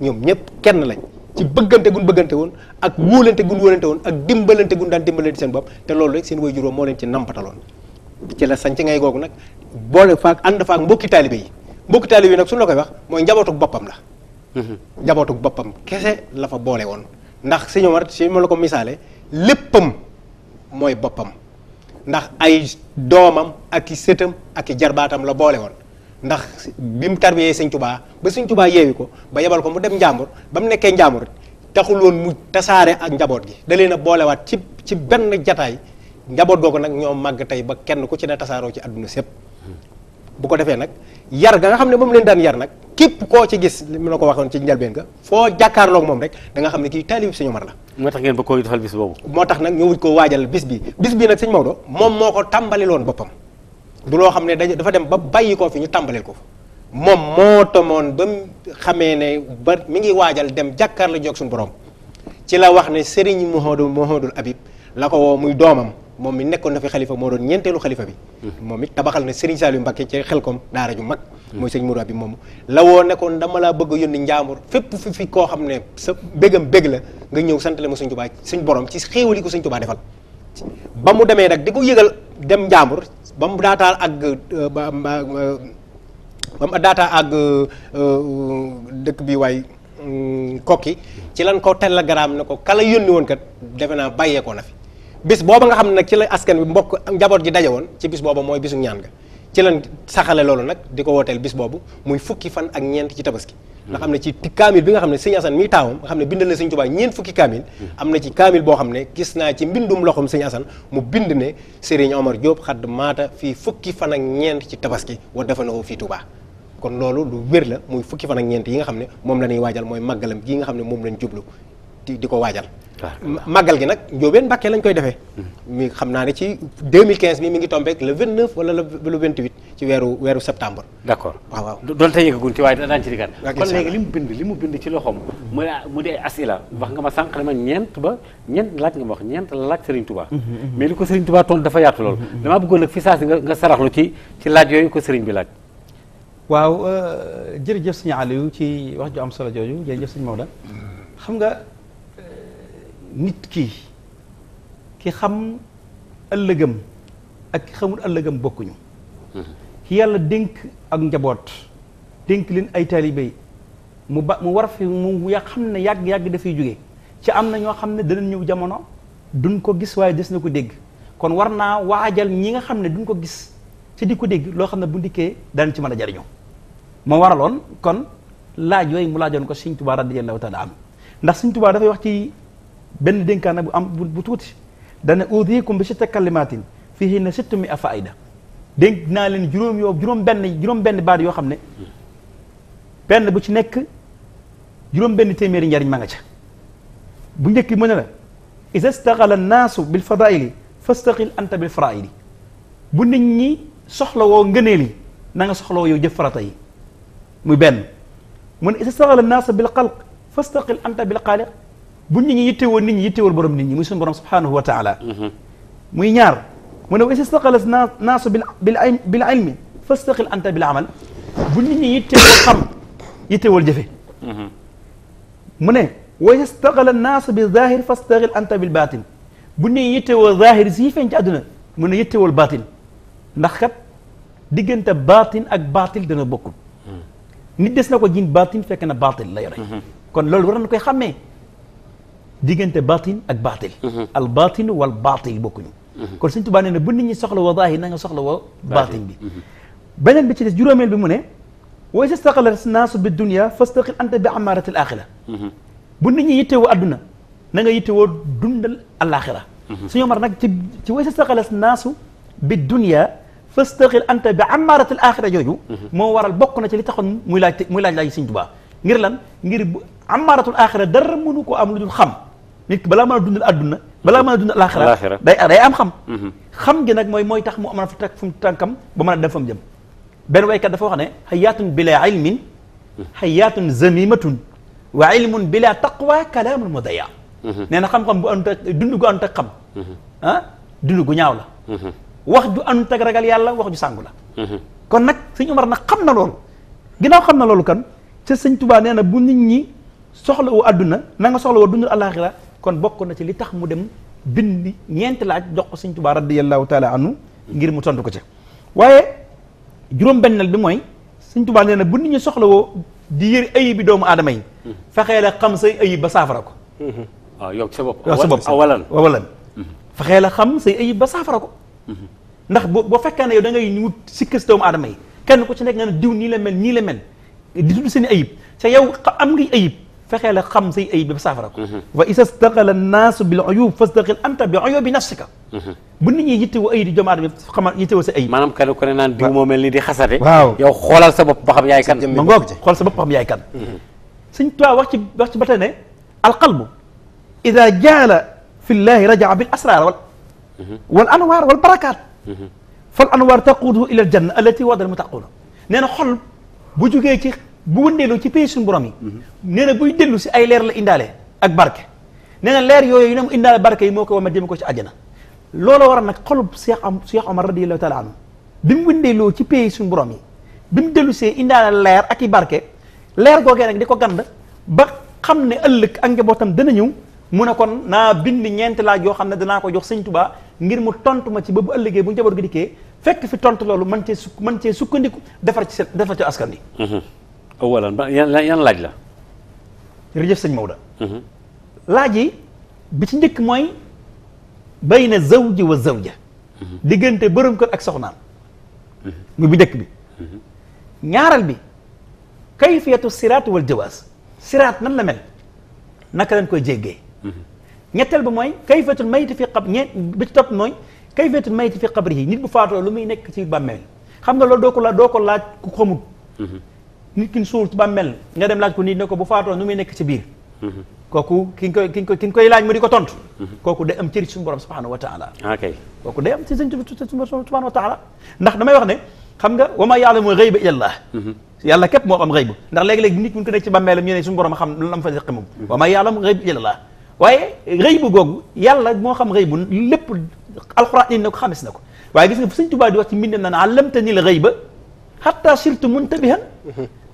ñoom ñëpp kenn lañ ci bëggante bëggante woon ak wóolante gun wóolante woon ak dimbalante gun daan seen bopp te loolu rek seen way juróom moo leen ci nampataloon ci la sañ ci ngay googu nag boole faak ànd faak mbokki taalibe yi mbokki taalibe yi nag suñu la koy wax mooy njabootuk boppam la mm-hmm. njabootuk boppam kese la fa boole woon ndax sëñ Omar si ma la ko misaale léppam mooy boppam ndax ay doomam ak i sëtam ak i jarbaatam la boole woon ndax bi mu tarbiyee sëñ tubaa ba sëñ tubaa yeewi ko ba yebal ko mu dem njàmbur ba mu nekkee njàmbur taxul woon mu tasaare ak njaboot gi da leen a boolewaat ci ci benn jataay njaboot googu nag ñoo màgg tey ba kenn ku ci ne tasaaroo ci àdduna sépp bu ko defee nag yar ga nga xam ne moom leen daan yar nag képp koo ci gis li ma ko waxoon ci njëlbeen nga foo jàkkaarloog moom rek danga xam ne kii taalib sëñ Omar la. moo tax ngeen ba ko defal bis boobu. moo tax nag ñëwuñ ko waajal bis bi bis bi nag sëñ Maodo moom moo ko tàmbaliloon boppam du loo xam ne dañu dafa dem ba bàyyi ko fi ñu tàmbalil ko moom moo tamoon ba xamee ne ba mi ngi waajal dem jàkkaar la joog suñu borom ci la wax ne Serigne Mouhodou Mouhodoul Habib la ko woo muy doomam. moom mi nekkoon na fi xalifa moo doon ñeenteelu xalifa bi mm-hmm. moom it tabaxal na Serigne Saliou Mbacké ci xelkom daara ju mag mm-hmm. mooy sëñ Mourou bi moom la woo nekkoon dama laa bëgg a yónni njaamur fépp fi koo xam ne sa bégam bég la nga ñëw santale ma suñ tubaa suñ borom ci xéewali ko suñ tubaa defal ba mu demee nag di ko yëgal dem njaamur ba mu daataa ak euh, ba daataa ak euh, dëkk bi waay mm, kokki ci lan ko telegram ne ko kala yónni woon kat defe naa bàyyeekoo na fi bis booba nga xam ne nag ci la askan bi mbokk njaboot gi daje woon ci bis booba mooy bisu ñaan ga ci lañ saxale loolu nag di ko wooteel bis boobu muy fukki fan ak ñeent ci tabaski nga xam ne ci kaamil bi nga xam ne sëñ Assane miy xam ne bindal na sëñ Tuubaa ñeent fukki kaamil am na ci kaamil boo xam ne gis naa ci mbindum loxom sëñ mu bind ne Serigne Omar Diop xadd maata fii fukki fan ak ñeent ci tabaski wa dafa na ko fii Tuubaa kon loolu lu wér la muy fukki fan ak ñeent yi nga xam ne moom la ñuy waajal mooy màggalam gi nga xam ne moom lañ jublu di ko waajal. màggal gi nag njóobeen Mbàkke lañ koy defee. mi xam naa ne ci 2015 mi mi ngi tombé le 29 wala le 28 ci weeru weeru septembre. d' accord waaw waaw donte yëgaguñ ci waaye daan ci dikkaat. kon léegi li mu ci loxoom. mu mu ma sànq ne ma ñeent ba ñeent laaj nga ma wax ñeent laaj Serigne Touba. Mm-hmm, mm-hmm. mais ko Serigne Touba toon dafa yaatu lool. Mm-hmm, damaa bëggoon nag fi saa nga saraxlu ci ci laaj yooyu ko Serigne bi laaj. waaw euh, jërëjëf sëñ Aliou ci wax ju am solo jooju jërëjëf sëñ Maodo xam nga. nit kii ki xam ëllëgam ak ki xamul ëllëgam bokkuñu. Mm-hmm. ki yàlla dénk ak njaboot dénk leen ay taalibe mu ba mu war fi mu ya xam ne yàgg yàgg dafay jóge ci am na ñoo xam ne danañ ñëw jamono duñ ko gis waaye des na ko dégg kon war naa waajal ñi nga xam ne duñ ko gis ci di ko dégg loo xam ne bu ndikkee daan ci mën a jariñoo ma waraloon kon laaj yooyu mu laajoon ko Sëñ Tuubaa radiyallaahu taala ndax Sëñ Tuubaa dafay wax ci benn dénkaane bu am bu tuuti dana udiikum bi sitta kalimatin fiihinna sittu mi a faayda dénk naa leen juróom yoo juróom benn juróom benn baat yoo xam ne benn bu ci nekk juróom benn téeméeri njariñ ma nga ca bu njëkk mu ne la isa staxala naasu bil fadaili fastaxil anta bil faraili bu nit ñi soxlawoo ngëneel yi na nga soxlawoo yow jëf farata yi muy benn mu ne isa staxala naasu bil xalq ant bi bil xaaliq bu nit ñi yittewoo nit ñi yittewal borom nit ñi muy suñu borom subhanahu wa taala mhm. muy ñaar mu ne wa istaqalas naasu bil bil bil ilmi fastaqil anta bil amal bu nit ñi yittewoo xam yittewal jëfe mhm. mu ne wa istaqala naasu bi zahir fastaqil anta bi batin bu nit ñi yittewoo zahir si feeñ ci àdduna mu ne yittewal batin ndax kat diggante baatin ak baatil dana bokkul mhm. ni des na ko jiin baatin fekk na baatil la kon loolu war koy xàmmee diggante baatin ak baatil mhm. al baatin wal baatil bokkuñu mhm. kon Sëñ Tuubaa nee na bu nit ñi soxla woo zaahir na nga soxla woo baatin bi mhm. beneen bi ci des juróomeel bi mu ne wa iza staqala naasu bi dunya fastaqil anta bi amaarati al axira bu nit ñi yittewoo adduna na nga yittewoo dundal alaxira suñu Omar nag ci ci wa iza staqala naasu bi dunya fastaqil anta bi amaarati al axira jooju moo waral bokk na ci li taxoon muy laaj muy laaj laaj Sëñ Tuubaa ngir lan ngir amaaratul axira dara mënu ko am lu dul xam nit ki balaa mën a dundal àdduna balaa mën a dundal laaxira day day am xam mhm. xam gi nag mooy mooy tax mu aman fa teg fu mu tànkam ba mën a dem fa mu jëm benn waykat dafa wax ne xayaatun bila ilmin xayaatun mhm. zamimatun wa ilmun bila taqwa kalaamun mudaya mhm. nee na xam-xam bu anut ak dund gu anut ak xam ah, gu ñaaw la wax ju anut ak ragal yàlla wax ju sàngu la kon nag suñu Umar nag xam na loolu ginnaaw xam na loolu kan ca sëñ tubaa nee na bu nit ñi soxla woo àdduna na nga soxla woo dundal àllaaxira kon bokk na ci li tax mu dem bindi ñeenti laaj jox ko sëñ Tuubaa radiyallaahu taala anhu ngir mu tontu ko ca waaye juróom-benneel bi mooy sëñ Tuubaa nee na bu nit ñi soxlawoo di yër ayib bi doomu aadama yi. fexee la xam say ayib ba saafara ko. yow sa sa bopp mhm. la xam say ayib ba saafara ko. Mhm. ndax boo boo fekkee ne yow da ngay wut si doomu aadama yi kenn ku ci nekk nga ne diw nii la mel nii la mel di tudd seen ayib sa yow am nga ayib. fexee la xam say ayib ba saafara ko mhm. wa istaqala naasu bil uyub fastaqil anta bi uyubi nafsika mhm. bu nit ñi yittewoo ayib yi doomu aadama bi xama yittewoo sa ayib maanaam kenn ku ne naan diw moo mel ni di xasate waaw yow xoolal sa bopp ba xam yaay kan ma ngoog xool sa bopp ba xam yaay kan mhm. suñ tuwaa wax ci wax ci ba tey ne alqalbu ida jaala fi llahi rajaa bil asrar wal wal anwaar wal barakaat fal anwaar taquuduhu ila aljanna allati wa'ada almuttaquuna nee na xol bu jugee ci bu wëndeeloo ci pays suñu borom yi. nee na buy dellu si ay leer la indaale ak barke. nee na leer yooyu yu ne mu indaale barke yi moo ko wama dem ko ci àjjana. war a nag xolub Cheikh am Cheikh Omar radiyallahu taala anhu bi mu wëndeeloo ci pays suñu borom yi bi mu dellu see indaale leer ak i barke leer gee nag di ko gand ba xam ne ëllëg ak njabootam dana ñëw. mu ne kon naa bind ñeenti laaj yoo xam ne danaa ko jox sëñ Tuubaa ngir mu tontu ma ci ba ëllëgee bu njaboot gi dikkee fekk fi tontu loolu mën cee su mën cee sukkandiku defar ci seen defar ci askan wi. Mm-hmm. awalan yan yan laaj la. jërëjëf sëñ Maodo. Mhm. laaj yi bi ci njëkk mooy bay na zawji wa zawja mhm. diggante borom kër ak soxnaam. Mhm. mu bi njëkk bi. ñaaral bi kayfiyatu siraat wal jawaas siraat nan la mel naka lañ koy jéggee. ñetteel ba mooy kayfiyatul mayti fi qab ñeent bi ci topp mooy kayfiyatul mayti fi qabrihi nit bu faatoo lu muy nekk ci bàmmeel xam nga loolu doo ko la doo ko laaj nit ki ñu suul ci nga dem laaj ko nit ne ko bu faatoo nu muy nekk ci biir kooku ki nga koy ki nga koy ki mu di ko tontu kooku day am cëri suñu borom subhanahu wa taala ok kooku day am ci suñu ndax damay wax ne xam nga wa ma yaalamu xëyba illallah yàlla képp moo xam xëyb ndax léegi-léegi nit mun ko nekk ci bàmmeelam ñu ne suñu borom xam lu am fa seq moom wa ma yaalamu xëyba illallah waaye xëybu googu yàlla moo xam xëybu lépp alquran in na ko xames na ko waaye gis nga sëñ Tuubaa di wax ci mbindam naan àllamtanil xëyba xatta sirtu muntabihan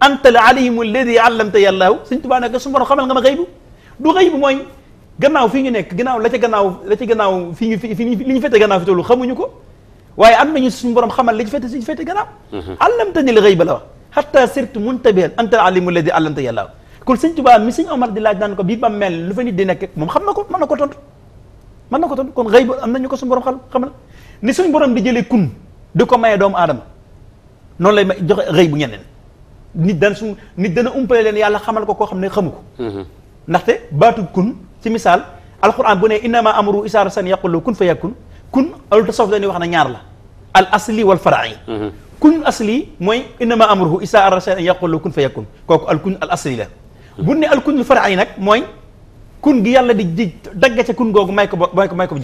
antal alimu alladi allamta yàllaahu suñ tubaa nag su borom xamal nga ma xëy bu du xëy mooy gannaaw fii ñu nekk gannaaw la ca gannaaw la ca ñu fi li ñu fete gannaaw fi tollu xamuñu ko waaye am nañu suñu borom xamal li ñu fete suñu fete gannaaw mhm. allamta ni l xëy ba la wax xatta sirtu muntabihan antal alimu alladi allamta yàllaahu kon suñ tubaa mi suñ omar di laaj naan ko bii ba mel lu fa nit di nekk moom xam ko mën na ko tontu mën na ko tontu kon xëy ba am nañu ko suñu borom xamal ni suñu borom di jëlee kun di ko maye doomu aadama noonu lay joxe xëy bu ñeneen nit dana su nit dana umpale leen yàlla xamal ko koo xam ne xamu ko mm-hmm. ndaxte baatu kun ci misaal alquran bu ne innama amru isaara san yaqul la kun fa yakun kun alu tasawuf dañuy wax na ñaar la al asli wal farai mm-hmm. kun asli mooy innama amruhu isaara san yaqul la kun fa yakun kooku al kun al asli la mm-hmm. bu ne al kun al farai nag mooy kun gi yàlla di di dagga ca kun googu may ko may ko may ko bi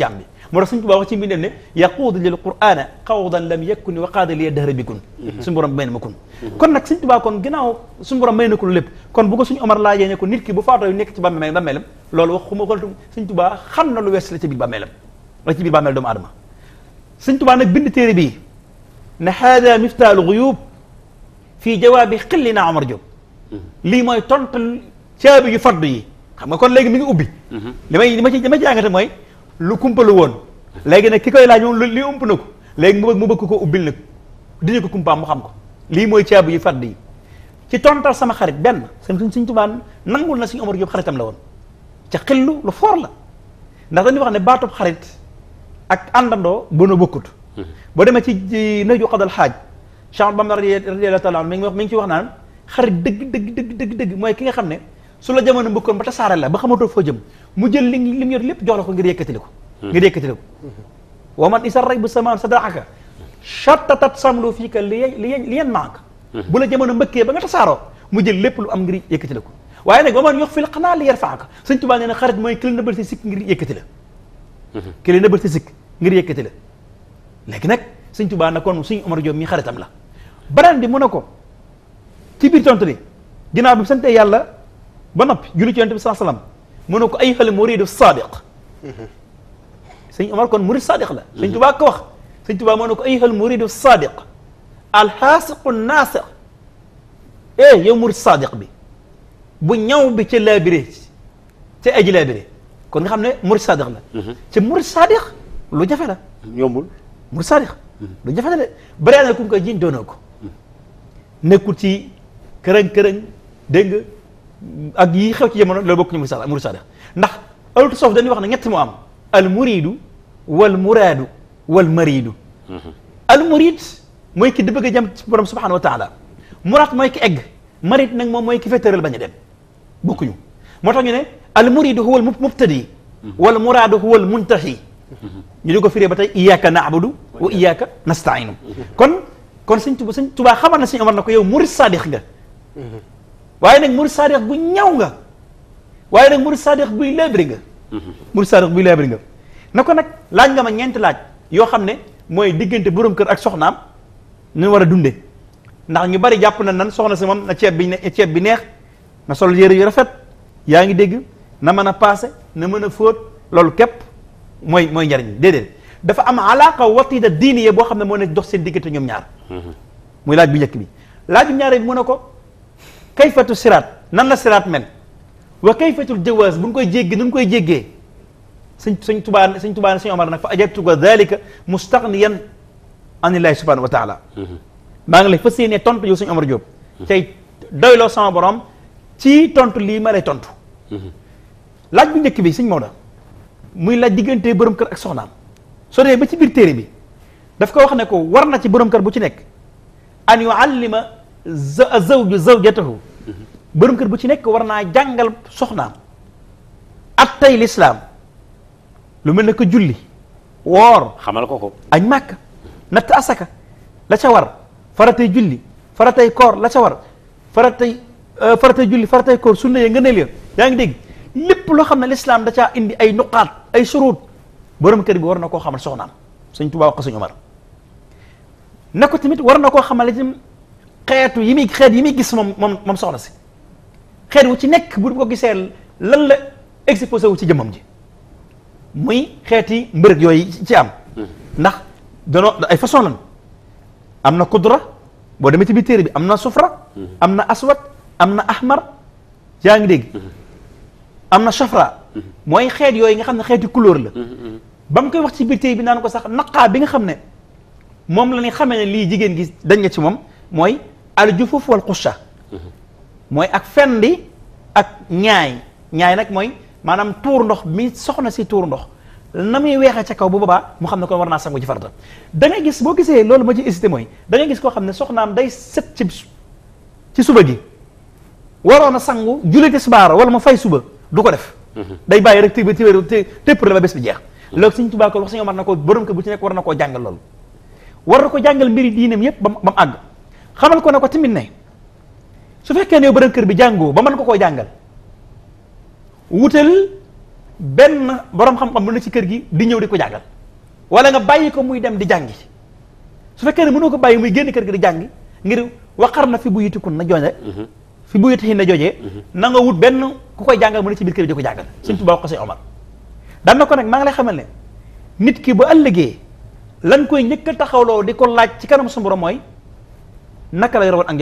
moo tax suñ tubaa wax ci mbi dem ne yaquudu lil qur'ana qawdan lam yakun wa qaada liya dahra bikun mhm. suñu borom may na ma kun kon nag suñ tubaa kon ginnaaw suñu borom may na ko lépp kon bu ko suñu omar laajee ne ko nit ki bu faatoo nekk ci bàmmeel bàmmeelam loolu wax xuma ko suñ tubaa xam na lu wees la ci biir bàmmeelam la ci biir bàmmeel doomu aadama suñ tubaa nag bind téere bi ne haada miftaalu guyub fii jawaabi xilli na omar Diop mhm. li mooy tontal caabi yu faddu yi xam nga kon léegi mi ngi ubbi mhm. li may ma ci li ma jàngate mooy lu kumpalu woon léegi nag ki koy laaj moom li ump na ko léegi mu bëgg mu bëgg koo ubbil nag dina ko kumpaam mu xam ko lii mooy caabi yu fàdd yi ci tontal sama xarit benn suñ suñ tubaan nangul na suñu Omar Jóob xaritam la woon ca xillu lu foor la ndax dañuy wax ne baatub xarit ak àndandoo bën a bokkut hmm. boo demee ci na ju xadal xaaj Cheikh Bamba radiyallahu taala mi ngi wax mi ngi ci wax naan xarit dëgg dëgg dëgg dëgg dëgg mooy ki nga xam ne su la jamono mbëkkoon ba tasaare la ba xamatoo foo jëm mu jël li li lépp jox la ko ngir yëkkatile ko hmm. ngir yëkkatile ko hmm. wa man isa ray bu samaan sa daaxaka chattatat samlo fii ka li li yen maak hmm. bu la jamono mbëkkee ba nga tasaaroo mu jël lépp lu am ngir yëkkatile ko waaye nag wa man fi fil xanaa li yar faaka sëñ Tuubaa nee na xarit mooy ki la nëbal sikk ngir yëkkati la ki la nëbal si sikk ngir yëkkati la léegi nag sëñ Tuubaa na kon suñu Omar Diop mi xaritam la beneen bi mu ne ko ci biir tontu bi ginnaaw bi santee yàlla ba noppi julli ci bi sallallahu alayhi wasallam mu ne ko ay xel muridu sadiq sëñ Omar kon murid sadiq la sëñ Tuubaa ko wax sëñ Tuubaa mu ne ko ay xel muridu sadiq alxaasiqu naasir eh yow murid sadiq bi bu ñaw bi ca laabiré ca aji laabiré kon nga xam ne murid sadiq la mhm. ci murid sadiq lu jafe la yombul murid mhm. jafe la de bëri na ku ko jiñ doonoo ko mhm. nekkul ci kërëng kërëng dégg nga ak yii xew ci jamono loolu bokk ñu murid saadix ndax ahlu tasawuf dañuy wax ne ñett moo am al muridu wal muraadu wal maridu mhm. al murid mooy ki di bëgg jëm borom subhanahu wa taala muraad mooy ki egg marid nag moom mooy ki fettéral bañ a dem bokkuñu moo tax ñu ne al muridu huwa al mubtadi mhm. wal muraadu huwa al muntahi mhm. ñu di ko firee ba tey iyyaka na'budu wa iyyaka nasta'inu kon kon sëñ Tuubaa sëñ Tuubaa xamal na sëñ Omar na ko yow murid saadix nga waaye nag murid saadix bu ñaw nga waaye nag murid saadix buy leebri nga murid mhm. saadix buy leebri nga na ko nag laaj nga ma ñeenti laaj yoo xam ne mooy diggante boroom kër ak soxnaam ñu war a dunde ndax ñu bari jàpp na nan soxna si moom na ceeb bi ne ceeb bi neex na sol yére yu rafet yaa ngi dégg na mën a paase na mën a fóot loolu képp mooy mooy njariñ déedéet dafa am alaaka watida diini ye boo xam ne moo nekk dox seen diggante ñoom ñaar mhm. muy laaj bu njëkk bi laaj bu ñaareel ko kayfatu siraat nan la siraat mel wa kayfatul jawaas bu ñu koy jéggi nu koy jéggee sëñ sëñ tubaa sëñ tubaa ne sëñ omar nag fa ajabtuka dalika mustaqniyan anillaahi subhanahu wa taala mm-hmm. maa ngi lay fas yéenee tontu yow sëñ omar Diop mm-hmm. tey doyloo sama borom ci tontu lii ma lay tontu mm-hmm. laaj bu njëkk bi sëñ Maodo muy laaj diggante borom kër ak soxnaam soo demee ba ci biir téere bi daf ko wax ne ko war na ci borom kër bu ci nekk an yuallima zawju zawjatahu borom kër bu ci nekk war naa jàngal soxnaam at tey lislaam lu mel ne que julli woor xamal ko ko añ màkk natt asaka la ca war faratay julli faratay koor la ca war faratay euh, faratay julli faratay koor sunna ya ngëneel ya yaa ngi dégg lépp loo xam ne lislaam da caa indi ay nuqaat ay suruut borom kër bi war na koo xamal soxnaam sëñ Tuubaa wax ko sëñ Umar na war na koo xamal itam xeetu yi muy xeet yi muy gis moom moom moom si xeet wu ci nekk bu ko gisee lan la exposé wu ci jëmmam ji muy xeeti mbërëg yooyu ci am. ndax danoo ay façon lan am na kudra boo demee ci biir téere bi am na sufra. am na aswat am na ahmar yaa ngi dégg. am na chafra. mooy xeet yooyu nga xam ne xeeti couleur la. bam mu koy wax ci biir téere bi naan ko sax naqaa bi nga xam ne moom la ñuy xamee ne lii jigéen gi dañ na ci moom mooy al jufuf wal xusha mooy ak fendi ak ñaay ñaay nag mooy maanaam tuur ndox mi soxna si tuur ndox na muy weexee ca kaw bu boobaa mu xam ne ko war naa sangu ci farata da ngay gis boo gisee loolu ma ci hésité mooy da ngay gis xam ne soxnaam day set ci ci suba gi waroon a sangu julli tisbaar wala mu fay suba du ko def mhm. day bàyyi rek tib té téppre ba bés bi jeex mhm. loolu sëñ Tuubaa wax sëñ Omar na ko borom ko bu ci nekk war na koo jàngal loolu war na ko jàngal mbiri diinam yépp ba mu àgg xamal ko na ko tamit ne su fekkee ne borom kër bi jàngoo ba man ko koo jàngal wutal benn boroom xam-xam bu ne ci kër gi di ñëw di ko jàngal wala nga bàyyi ko muy dem di jàngi su fekkee ne mënoo ko bàyyi muy génn kër gi di jàngi ngir waqar na fi bu yitikun na jooje mhm. fi bu yitihin na joojee mhm. na nga wut benn ku koy jàngal mu ne ci biir kër gi di ko jàngal mhm. suñ tubaab ko say omar daan na ko nag maa ngi lay xamal ne nit ki ba ëllëgee lan koy njëkk a taxawloo di ko laaj ci kanam suñu mooy naka la yoroon ak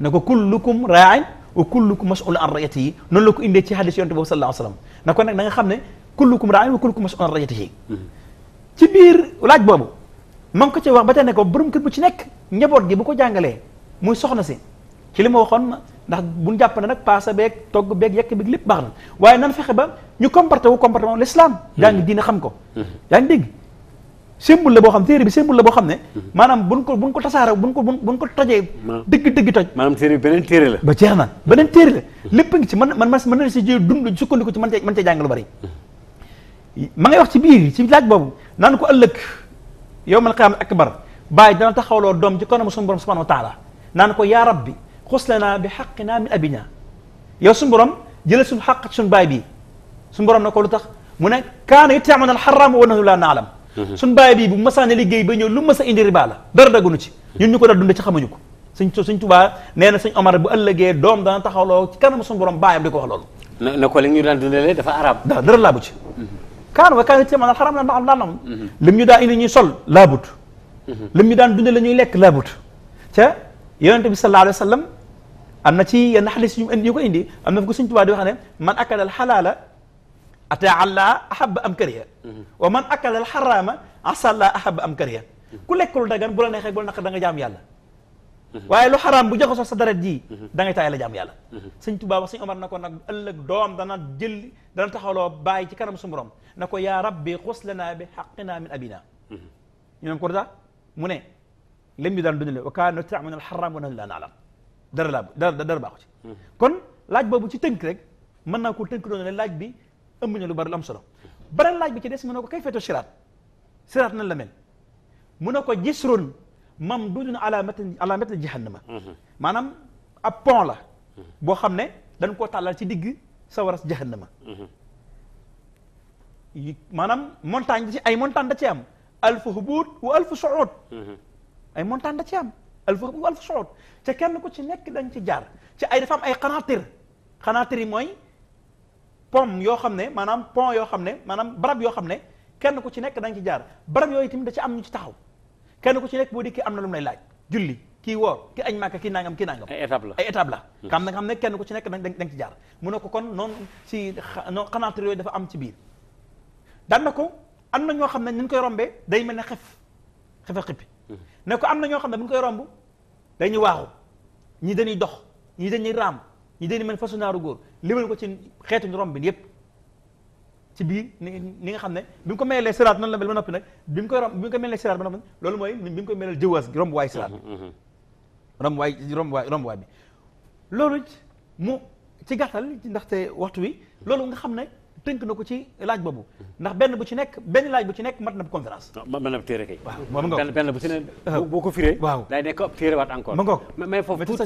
na ko kullukum raain wa kullukum mas'ul an rayatihi noonu la ko indee ci hadis yonte boobu sallallahu alayhi ko nag na nga xam ne kullukum raain wa kullukum mas'ul an rayatihi mm-hmm. ci biir laaj boobu ma ngi ko ci wax ba tey ne ko borom kër bu ci nekk njaboot gi bu ko jàngalee muy soxna si ci li ma waxoon ndax buñ jàpp ne nag paasa beeg togg beeg yekk beeg lépp baax na waaye nan fexe ba ñu comporté wu comportement l'islam mm-hmm. yaa ngi diina xam ko mm-hmm. yaa ngi symbole la boo xam téere bi symbole la boo xam ne mhm. maanaam buñ ko buñ ko tasaara buñ ko buñ buñ ko tojee dëgg dëgg toj maanaam téere bi beneen téere la ba jeex na beneen téere la mhm. lépp ngi ci man man mën na si jël dund sukkandiku ci mën cee mën cee jàng lu bari mhm. ma ngay wax ci biir ci laaj boobu naan ko ëllëg yow mal qiyaama akbar bàyyi dana taxawloo doom ci kanamu suñu borom subhanahu wa taala naan ko yaa rabbi xuslana bi xaqina min abina yow suñu borom jëlal suñu xaq ci suñu baay bi suñu borom na ko lu tax mu ne kaana yut'imuna al-harrama wa nahnu la na'lam Mhm. suñ bàyyi bii bu masaane liggéey ba ñëw lu masa indi riba la dara dagunu ci mhm. ñun ñu ko daa dundee ci xamuñu ko suñ suñ tubaa nee na suñ omar bu ëllëgee doom dana taxawloo ci kanam suñu borom bàyyam di ko wax loolu na ko li ñu daan dundalee dafa arab da dara laabu ci mhm. kaan wa kaan ci maanaam xaram la ndax am laanam lim ñu daan indi ñuy sol laabut daan dundale ñuy lekk laabut ca yonente bi sallallahu alayhi wa sallam am na ci yenn xadis yu mu indi yu ko am na fu ko suñ tubaa di wax ne man akadal xalaala ataa allah ahaba am kariha wa man akala al a asa allah ahaba am kariha ku lekk lu dagan bu la neexee bu la naqar da nga jaam yàlla waaye lu xaraam bu joxasoo sa deret ji da ngay taay la jaam yàlla sëñ Tuubaa wax sëñ Omar na ko nag ëllëg doom dana jël dana taxawloo bàyyi ci kanam su borom na ko yaa rabbi xus lanaa bi xaqinaa min abina ñu ne ko daa mu ne lim ñu daan dundale wa kaana taamuna al xaraam wa nahnu laa naalam dara laa ci kon laaj boobu ci tënk ne laaj bi ëmb na lu bari lu am laaj bi ci des mu ne ko kay feetu siraat siraat nan la mel mu ne ko jisrun mam du matn ala matn jahannama mhm. maanaam a pont la boo xam ne dañ koo tàllal ci digg sawaras jahannama mhm. maanaam montagne da ci ay montagne da ci am alfu hubuut wa alfu suud mhm. ay montagne da ci am alfu hubuut wa alfu suud te kenn ku ci nekk dañ ci jaar ci ay dafa am ay xanaatir xanaatir yi mooy pom yoo xam ne maanaam pont yoo xam ne maanaam barab yoo xam ne kenn ku ci nekk da nga ci jaar barab yooyu tamit da ci am ñu ci taxaw kenn ku ci nekk boo dikkee am na lu mu laaj julli ki woor ki añ màkka ki nangam kii nangam ay étape la ay étape la hmm. xam na nga xam ne kenn ku ci nekk da nga ci jaar mu ne ko kon noonu si non xanaat yooyu dafa am ci biir daan na ko am na ñoo xam ne ñu koy rombee day mel ne xef xefa xippi hmm. ne ko am na ñoo xam ne bu ñu koy romb dañuy waaxu ñi dañuy dox ñi dañuy raam ñi dee ni man fasu naaru goor limal ko ci xeetu ñu rombin yépp ci biir ni nga xam ne bi mu ko melee siraat nan la mel ba noppi nag bi mu koy romb bi ko melee siraat ba noppi loolu mooy bi mu koy melal jëwaas gi romb waay siraat mm-hmm, mm-hmm. romb waay romb waay romb waay bi loolu mu ci gàttal ndaxte waxtu wi loolu nga xam ne tënk na ko ci laaj boobu ndax benn bu ci nekk benn laaj bu ci nekk mat na conférence mën na téere kay benn bu ci ah. nekk ab téere waat encore ma ngoog mais foofu tout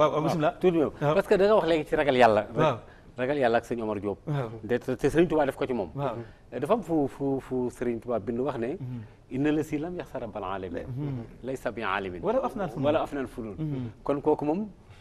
waaw bismillah tout ah. parce que da nga wax léegi ci ragal yàlla ragal yàlla ak sëñ Omar Diop te sëriñ Tuubaa def ko ci moom dafa fu fu fu sëriñ Tuubaa bind wax ne mhm. inna la si lam yaxsa rabbal alamin mhm. laysa bi alimin wala af naan funun mhm. kon kooku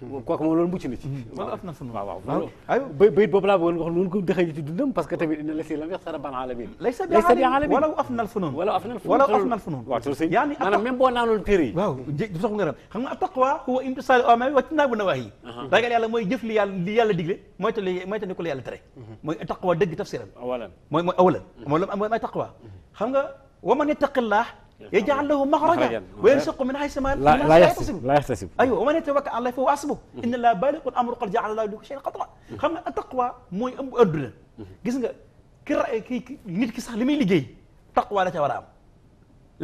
kooku moom loolu mucc na ci. Hmm. wala af na sunu waaw waaw. Ah, aywa bay bayit boobu laa bëggoon nga xam ne ko dëxëñ ci dundam parce que tamit dina la si lam yaxsara ban alamin. laysa bi alamin wala af na sunu. wala af na sunu wala af na sunu. waaw te sëñ yaa ni maanaam même boo naanoon téere yi. waaw jé sax nga ram xam nga taqwa huwa imtisaalu awamir wa ijtinaabu nawaahi. ragal yàlla mooy jëf li yàlla li yàlla digle mooy te li mooy te ni ko la yàlla tere. Mhm. mooy taqwa dëgg tafsiran. awalan mooy mooy awalan. mooy lu am mooy taqwa mhm. xam nga wa man yattaqillah يجعل له مخرجا ويرزقه من حيث ما لا يحتسب لا يحتسب ايوه ومن يتوكل على الله فهو حسبه ان الله بالغ الامر قد جعل الله لكل شيء قدرا xam nga taqwa mooy ëmb adduna gis nga ki ra ki nit ki sax li muy liggéey taqwa da ca war a am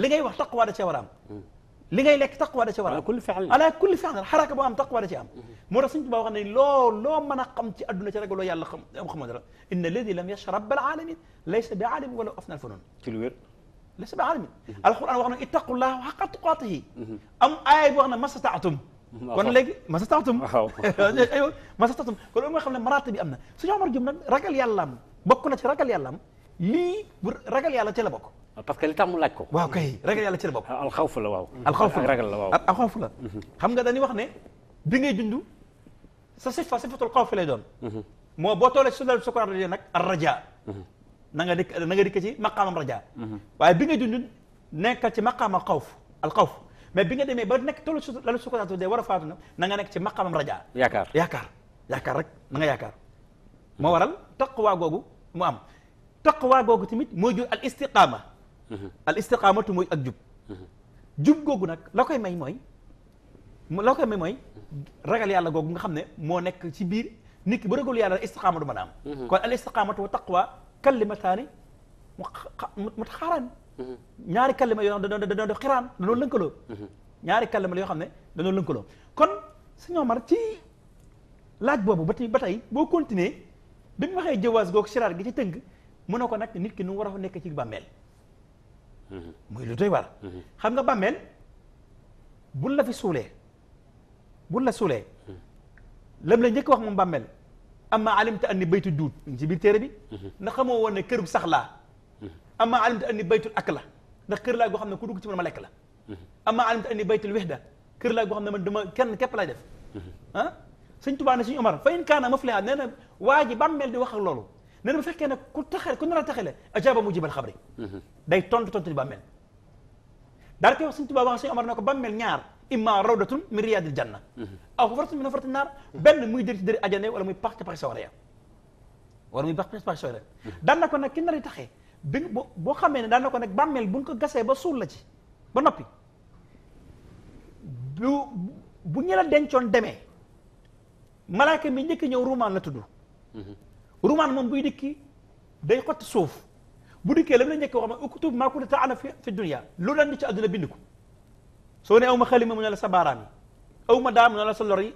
li ngay wax taqwa da ca war a am mm. li ngay lekk taqwa da ca war a am ala kulli fi'l xaraka boo am taqwa da ca am mm-hmm. moo tax suñ tubaa wax ne loo loo mën a xam ci adduna ci rek loo yàlla xam xamoo dara inna alladi lam yashrab al alamin laysa bi alim wala afnal funoon ci lu wér laysa bi alamin alquran wax na ittaqullah xaqa tuqaatihi am aaya bi wax na masataatum kon léegi masataatum aywa masataatum kon loolu nga xam ne maraata bi am na suñu Omar Diop nag ragal yàllaam bokk na ci ragal yàllaam lii bu ragal yàlla ci la bokk parce que li tax mu laaj ko waaw kay ragal yàlla ci la bokk alxawfu la waaw alxawfu la ragal la waaw alxawfu la xam nga dañuy wax ne bi ngay dund sa sifa sifatul xawfi lay doon moo boo toolee su dal sukuraat nag ar raja nanga nga nekk na nga dikk ci maqaamam raja mhm. waaye bi nga junjun nekkal ci maqaama xawf al xawf mais bi nga demee ba nekk tollu su lalu sukkandiku dee war a faatu na na nga nekk ci maqaamam raja yaakaar yaakaar yaakaar rek na nga yaakaar moo waral taqwa googu mu am taqwa googu tamit moo jur al istiqaama mhm. al ak jub mhm. jub googu nag la koy may mooy la koy may mooy ragal yàlla googu nga xam ne moo nekk ci biir nikki ki ba ragal yàlla istiqaama du mën a am kon al kalimataani mu mutaxaaraan ñaari kalima yoo xam ne dañoo kalima la yoo xam ne dañoo lënkaloo kon suñu Omar ci laaj boobu ba tey ba tey boo continuer bi mu waxee jawaas googu siraar gi ci tënk mu ne ko nag nit ki nu mu war a nekk ci bàmmeel muy war xam nga bammel buñ la fi suulee buñ la suulee lam la njëkk wax moom bàmmeel amma alimta anni baytu duut ci biir tere bi ndax xamoo woon ne kër gu sax laa amma alimta anni baytul ak la ndax kër laa goo xam ne ku dugg ci man ma lekk la amma alimta anni baytul wahda kër laa goo xam ne man dama kenn képp laay def ah sëñ Tuubaa ne suñu Omar fa in kaana mafliha nee na waa ji bàmmeel di wax ak loolu nee na bu fekkee ku taxale ku nar a taxale ajaaba mu jibal xabri mhm. day tontu tontu di bàmmeel daal koy wax sëñ Tuubaa wax sëñ Omar ko bàmmeel ñaar imma rawdatun min riyadil janna aw xufratun min xufrati naar benn muy dëri ci dëri ajane wala muy pax ca paxi sawara ya wala muy pax paxi sawara daan na ko nag ki nari taxee bi boo xamee ne daan na ko nag bàmmeel buñ ko gasee ba suul la ci ba noppi bu bu ñu la dencoon demee malaaka mi njëkk ñëw ruumaan la tudd ruumaan moom buy dikki day xotti suuf bu dikkee la mu la njëkk wax ma uktub maa kunta ta'malu fi dunya loolu daan di ci àdduna bind ko soo ne aw ma xalima mu ne la sa baaraam yi aw ma daa mu la sa lor yi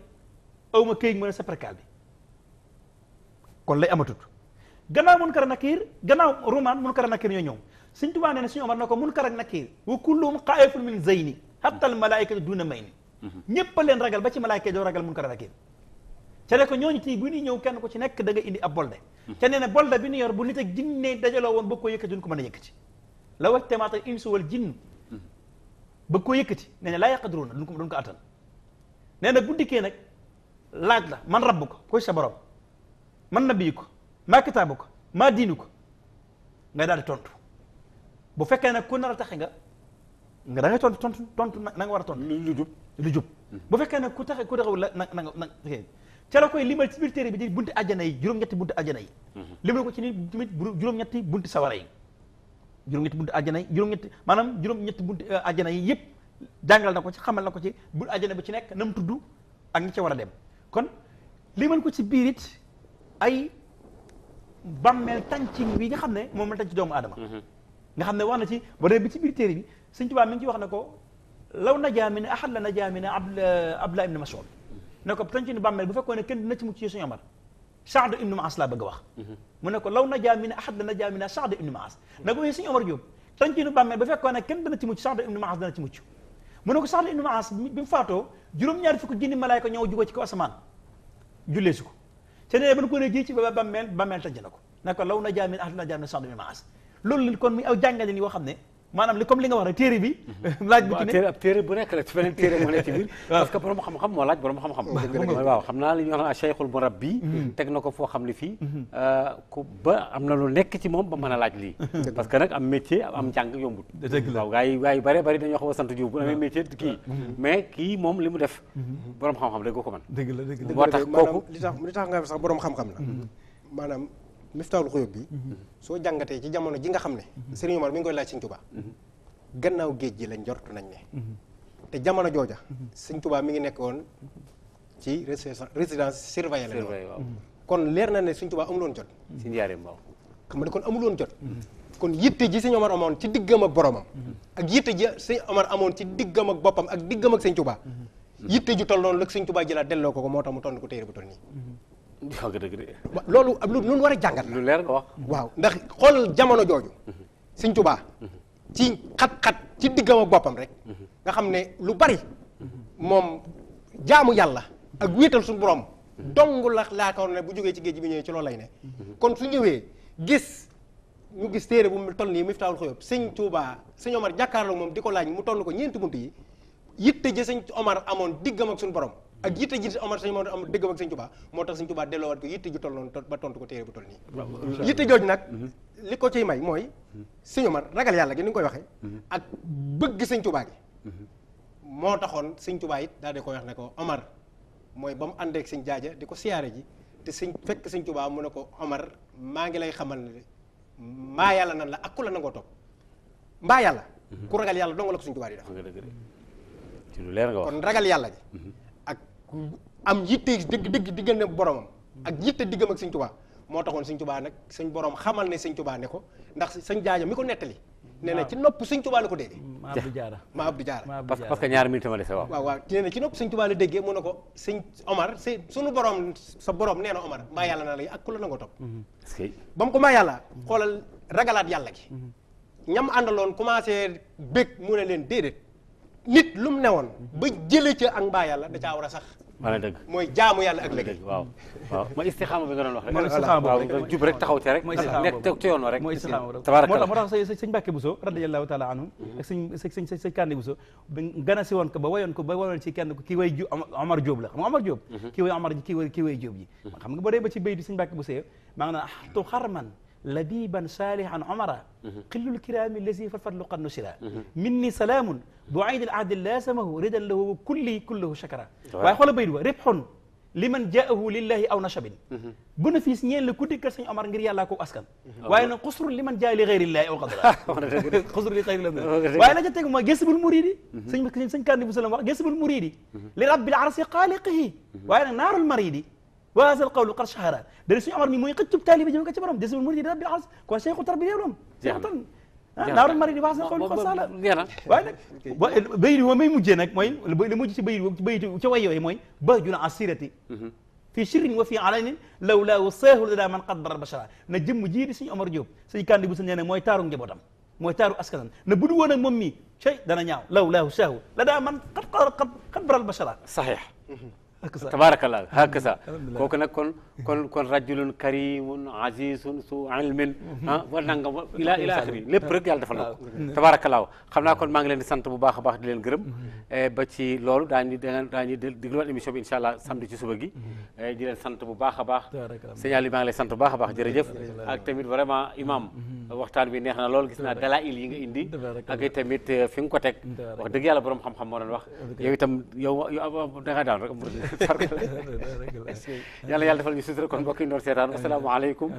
aw ma këyit mu ne sa perkaal bi kon lay amatut gannaaw munkar nakiir gannaaw rumaan munkar nakiir ñoo ñëw Sëñ Tuubaa nee na suñu Omar na ko munkar ak nakiir wa kullum xaayifun min zeyni hatta al malaayikatu duuna mayni mhm. ñëpp a leen ragal ba ci malaayika doo ragal munkar nakiir ca ne ko ñooñu tii bu ñuy ñëw kenn ku ci nekk da nga indi ab bolde mhm. ca nee na bolde bi ñu yor bu nit ak jinne dajaloo woon ba ko yëkkati duñ ko mën a yëkkati la wajtamaata insu wal jinn bëgg koo yëkkati nee na laa yaqadiruuna duñ ko duñ ko attan nee na bu dikkee nag laaj la man rabbu ko koy sa borom man nabiyu ko maa kitaabu ko maa diinu ko ngay daal tontu bu fekkee nag ku nar a taxe nga nga da ngay tontu tontu tontu na nga war a tontu. lu jub lu jub. bu fekkee nag ku taxe ku taxawul la na na na ca la koy limal ci biir téere bi di bunti àjjana yi juróom-ñetti bunti àjjana yi. Mm-hmm. limal ko ci nit juróom-ñetti sawara yi. juróom-ñetti buntu àjjana yi juróom-ñetti maanaam juróom euh, àjjana yi yëpp jàngal na ko ci xamal na ko ci bu àjjana bu ci nekk na mu tudd ak ñi ci war a dem kon li mën ko ci biir it ay bàmmeel tàncin bi nga xam ne moom la tànc doomu aadama mm-hmm. nga xam ne wax na ci ba dee bi ci biir téere bi Sëñ Tuubaa mi ngi ci wax na ko law najaa min ahal la najaa min Abdullah ibn Mas'ud mm-hmm. ne ko tàncinu bàmmeel bu fekkoon ne kenn dina ci mucc ci suñu Omar Saadu ibnu Maas laa bëgg a wax mm-hmm. mu ne ko law na mina ahad la najaa mina Saad ibnu Maas na ko yee eh, suñu Omar Diop tàncinu bàmmeel ba fekkoon ne kenn dana ci mucc Saad ibnu Maas dana ci mucc mu ne ko Saad ibnu Maas bi mu faatoo juróom-ñaari fukki junni malaayka ñëw jugo ci ko asamaan jullee si ko te nee ko ne jii ci ba bàmmeel bàmmeel tànc na ko na ko law na mina ahad la najaa mina Saad ibnu Maas loolu kon muy aw jàngale ni yoo xam ne maanaam li comme li nga wax rek téere bi mhm. laaj bu ci ne ab téere bu nekk rek beneen téere moo nekk ci biir parce que borom xam-xam moo laaj borom xam-xam waaw xam naa li ñuy wax naan cheikhul murabbi mhm. teg na ko foo xam ne fii mhm. euh, ku ba am na lu nekk ci moom ba mën a laaj lii parce que nag am métier am njàng yombut waaw gaa yi gaa yi bari bari dañuy wax ba sant Diouf bu amee métier kii mais kii moom li mu def borom xam-xam dëgg ko man dëgg la dëgg la moo tax kooku li tax li tax nga sax borom xam-xam la maanaam Miftaahul Xuyuub bi soo jàngatee ci jamono ji nga xam ne Serigne Omar mi ngi koy laaj Serigne Touba gannaaw géej gi lañ jortu nañ ne te jamono jooja Serigne Touba mi ngi nekk woon ci résidence surveillée la kon leer na ne suñ Touba amuloon jot si njaareem mbaaw xam ne kon amuloon jot kon yitte ji Serigne Omar amoon ci diggam ak boromam ak yitte ji Serigne Omar amoon ci diggam ak boppam ak diggam ak Serigne Touba yitte ju toll noonu la Serigne Touba jëlaat delloo ko ko moo tax mu tontu ko téere bu toll nii waaw dëgg de. loolu lu lu war a jàngat. lu leer nga wax. waaw ndax xoolal jamono jooju. Sëñ Tuubaa ci xat-xat ci diggam ak boppam rek. nga xam ne lu bari. moom jaamu yàlla. ak wéetal suñu borom. dong la laakaar ne bu jógee ci géej bi ñëwee ci loolu lay ne. kon su ñëwee gis ñu gis téere bu mu toll nii Miftaahul Xuyuub Sëñ Tuubaa Sëñ Omar jàkkaarloo moom di ko laaj mu toll ko ñeenti bunt yi yitte ja Sëñ Omar amoon diggam ak suñu borom. ak yitte ji Omar sëñ Maodo am ak sëñ Tuubaa moo tax sëñ Tuubaa delloowaat ko yitte ju toll noonu ba tontu ko téere bu toll mhm. ko ciy may mooy sëñ Omar ragal yàlla gi nga koy waxee mhm. ak bëgg sëñ Tuubaa gi mhm. moo taxoon sëñ Tuubaa it daal di koy wax ne ko mooy ba mu àndeek sëñ jaaja di ko siyaare ji te sëñ fekk sëñ Tuubaa mu ne ko Omar maa ngi lay xamal ne maa yàlla nan la ak ku la nangoo topp mbaa yàlla ku yàlla dong la ko sëñ Tuubaa di def kon ragal yàlla gi am yitte dëgg dëgg diggante boromam ak yitte diggam ak sëñ tubaa moo taxoon sëñ tubaa nag sëñ borom xamal ne sëñ tubaa ne ko ndax sëñ jaaja mi ko nettali nee na ci nopp sëñ tubaa la ko déggee ma abdu jaara ma abdu jaara parce que ñaar minute la déggee mu ne ko sëñ omar c'est sunu borom sa borom nee na omar mbaa yàlla na la ak ku la nangoo topp mhm. ba mu ko mbaa yàlla mhm. xoolal ragalaat yàlla gi mhm. ñam àndaloon commencé bég mu ne leen déedéet nit lu mu woon ba jëlee ci ak mbaa yàlla da caa war a sax wala dëgg mooy jaamu yàlla ak liggéey waaw waaw ma istixaama bi nga doon wax mooy jub rek taxaw rek. mooy istixaama boobu rek. mooy istixaama boobu moo tax moo tax sëñ Mbàkke Bousso radiyallahu taala si woon ko ba wayoon ko ba wayoon ci kenn ko kii way Omar Diop la xam nga Omar Diop mhm. kii way Omar ji mhm. xam nga boo dee ba ci bay di sëñ Mbàkke Bousso yow maa ngi naan labiban salihan omara xillul kirami lazi falfatlu qad nusira minni salaamun buaydil ahdi la samahu ridan lahu wa kulli kullahu shakara waaye xoola bayit wa ribhun liman jaahu lillahi aw nashabin bénéfice ñeen la ku dikkal sëñ Omar ngir yàllaa ko askan waaye nag xusrul liman jaa li xeyrillaahi aw xadra xusrul li xeyri la waaye la ca teg mooy gësbul muridi sëñ sëñ kàndi bu salam wax gësbul muridi li rabbil arsi xaaliqihi waaye nag naarul maridi wa haza alqawlu qad shahara dari suñu amar mi mooy xëccub taalibi jëm ko ci borom desibul muridi rabbil alas quoi cheikhu tarbiya loom cheikhu tarbiya daarul mari di wax sa xol ko sala waaye nag bayit wa may mujjee nag mooy li mujj ci bayit bayit ca way yooyu mooy bahjul asirati fii sirrin wa fii alanin law laa wasaahu lana man qad baral bashara na jëmm jii di suñu Omar Diop suñu kandi bu sa nee ne mooy taaru njabootam mooy taaru askanam na budu woon ak moom mii cay dana ñaaw law laa wasaahu lana man qad qad baral bashara saxiix tabarakallah hakaza kooku nag kon kon kon rajulun karimun azizun su ilmin ah wa nangam ila ila axiri lépp rek yàlla defal na ko tabarakallah xam naa kon maa ngi leen di sant bu baax a baax di leen gërëm ba ci loolu daañu daañu dégluwaat émission bi incha allah samedi ci suba gi di leen sant bu baax a baax signal yi maa ngi lay baax a baax jërëjëf ak tamit vraiment imam waxtaan bi na lool gis naa dalail yi nga indi ak tamit fi nga ko teg wax dëgg yàlla borom xam-xam moo doon wax yow itam yow da nga daan rek yàlla yàlla defal ñu sutura kon mbokk yi doon seetaan asalaamaaleykum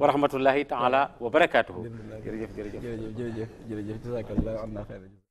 wa rahmatullahi taala wa barakaatuhu jërëjëf jërëjëf jërëjëf jërëjëf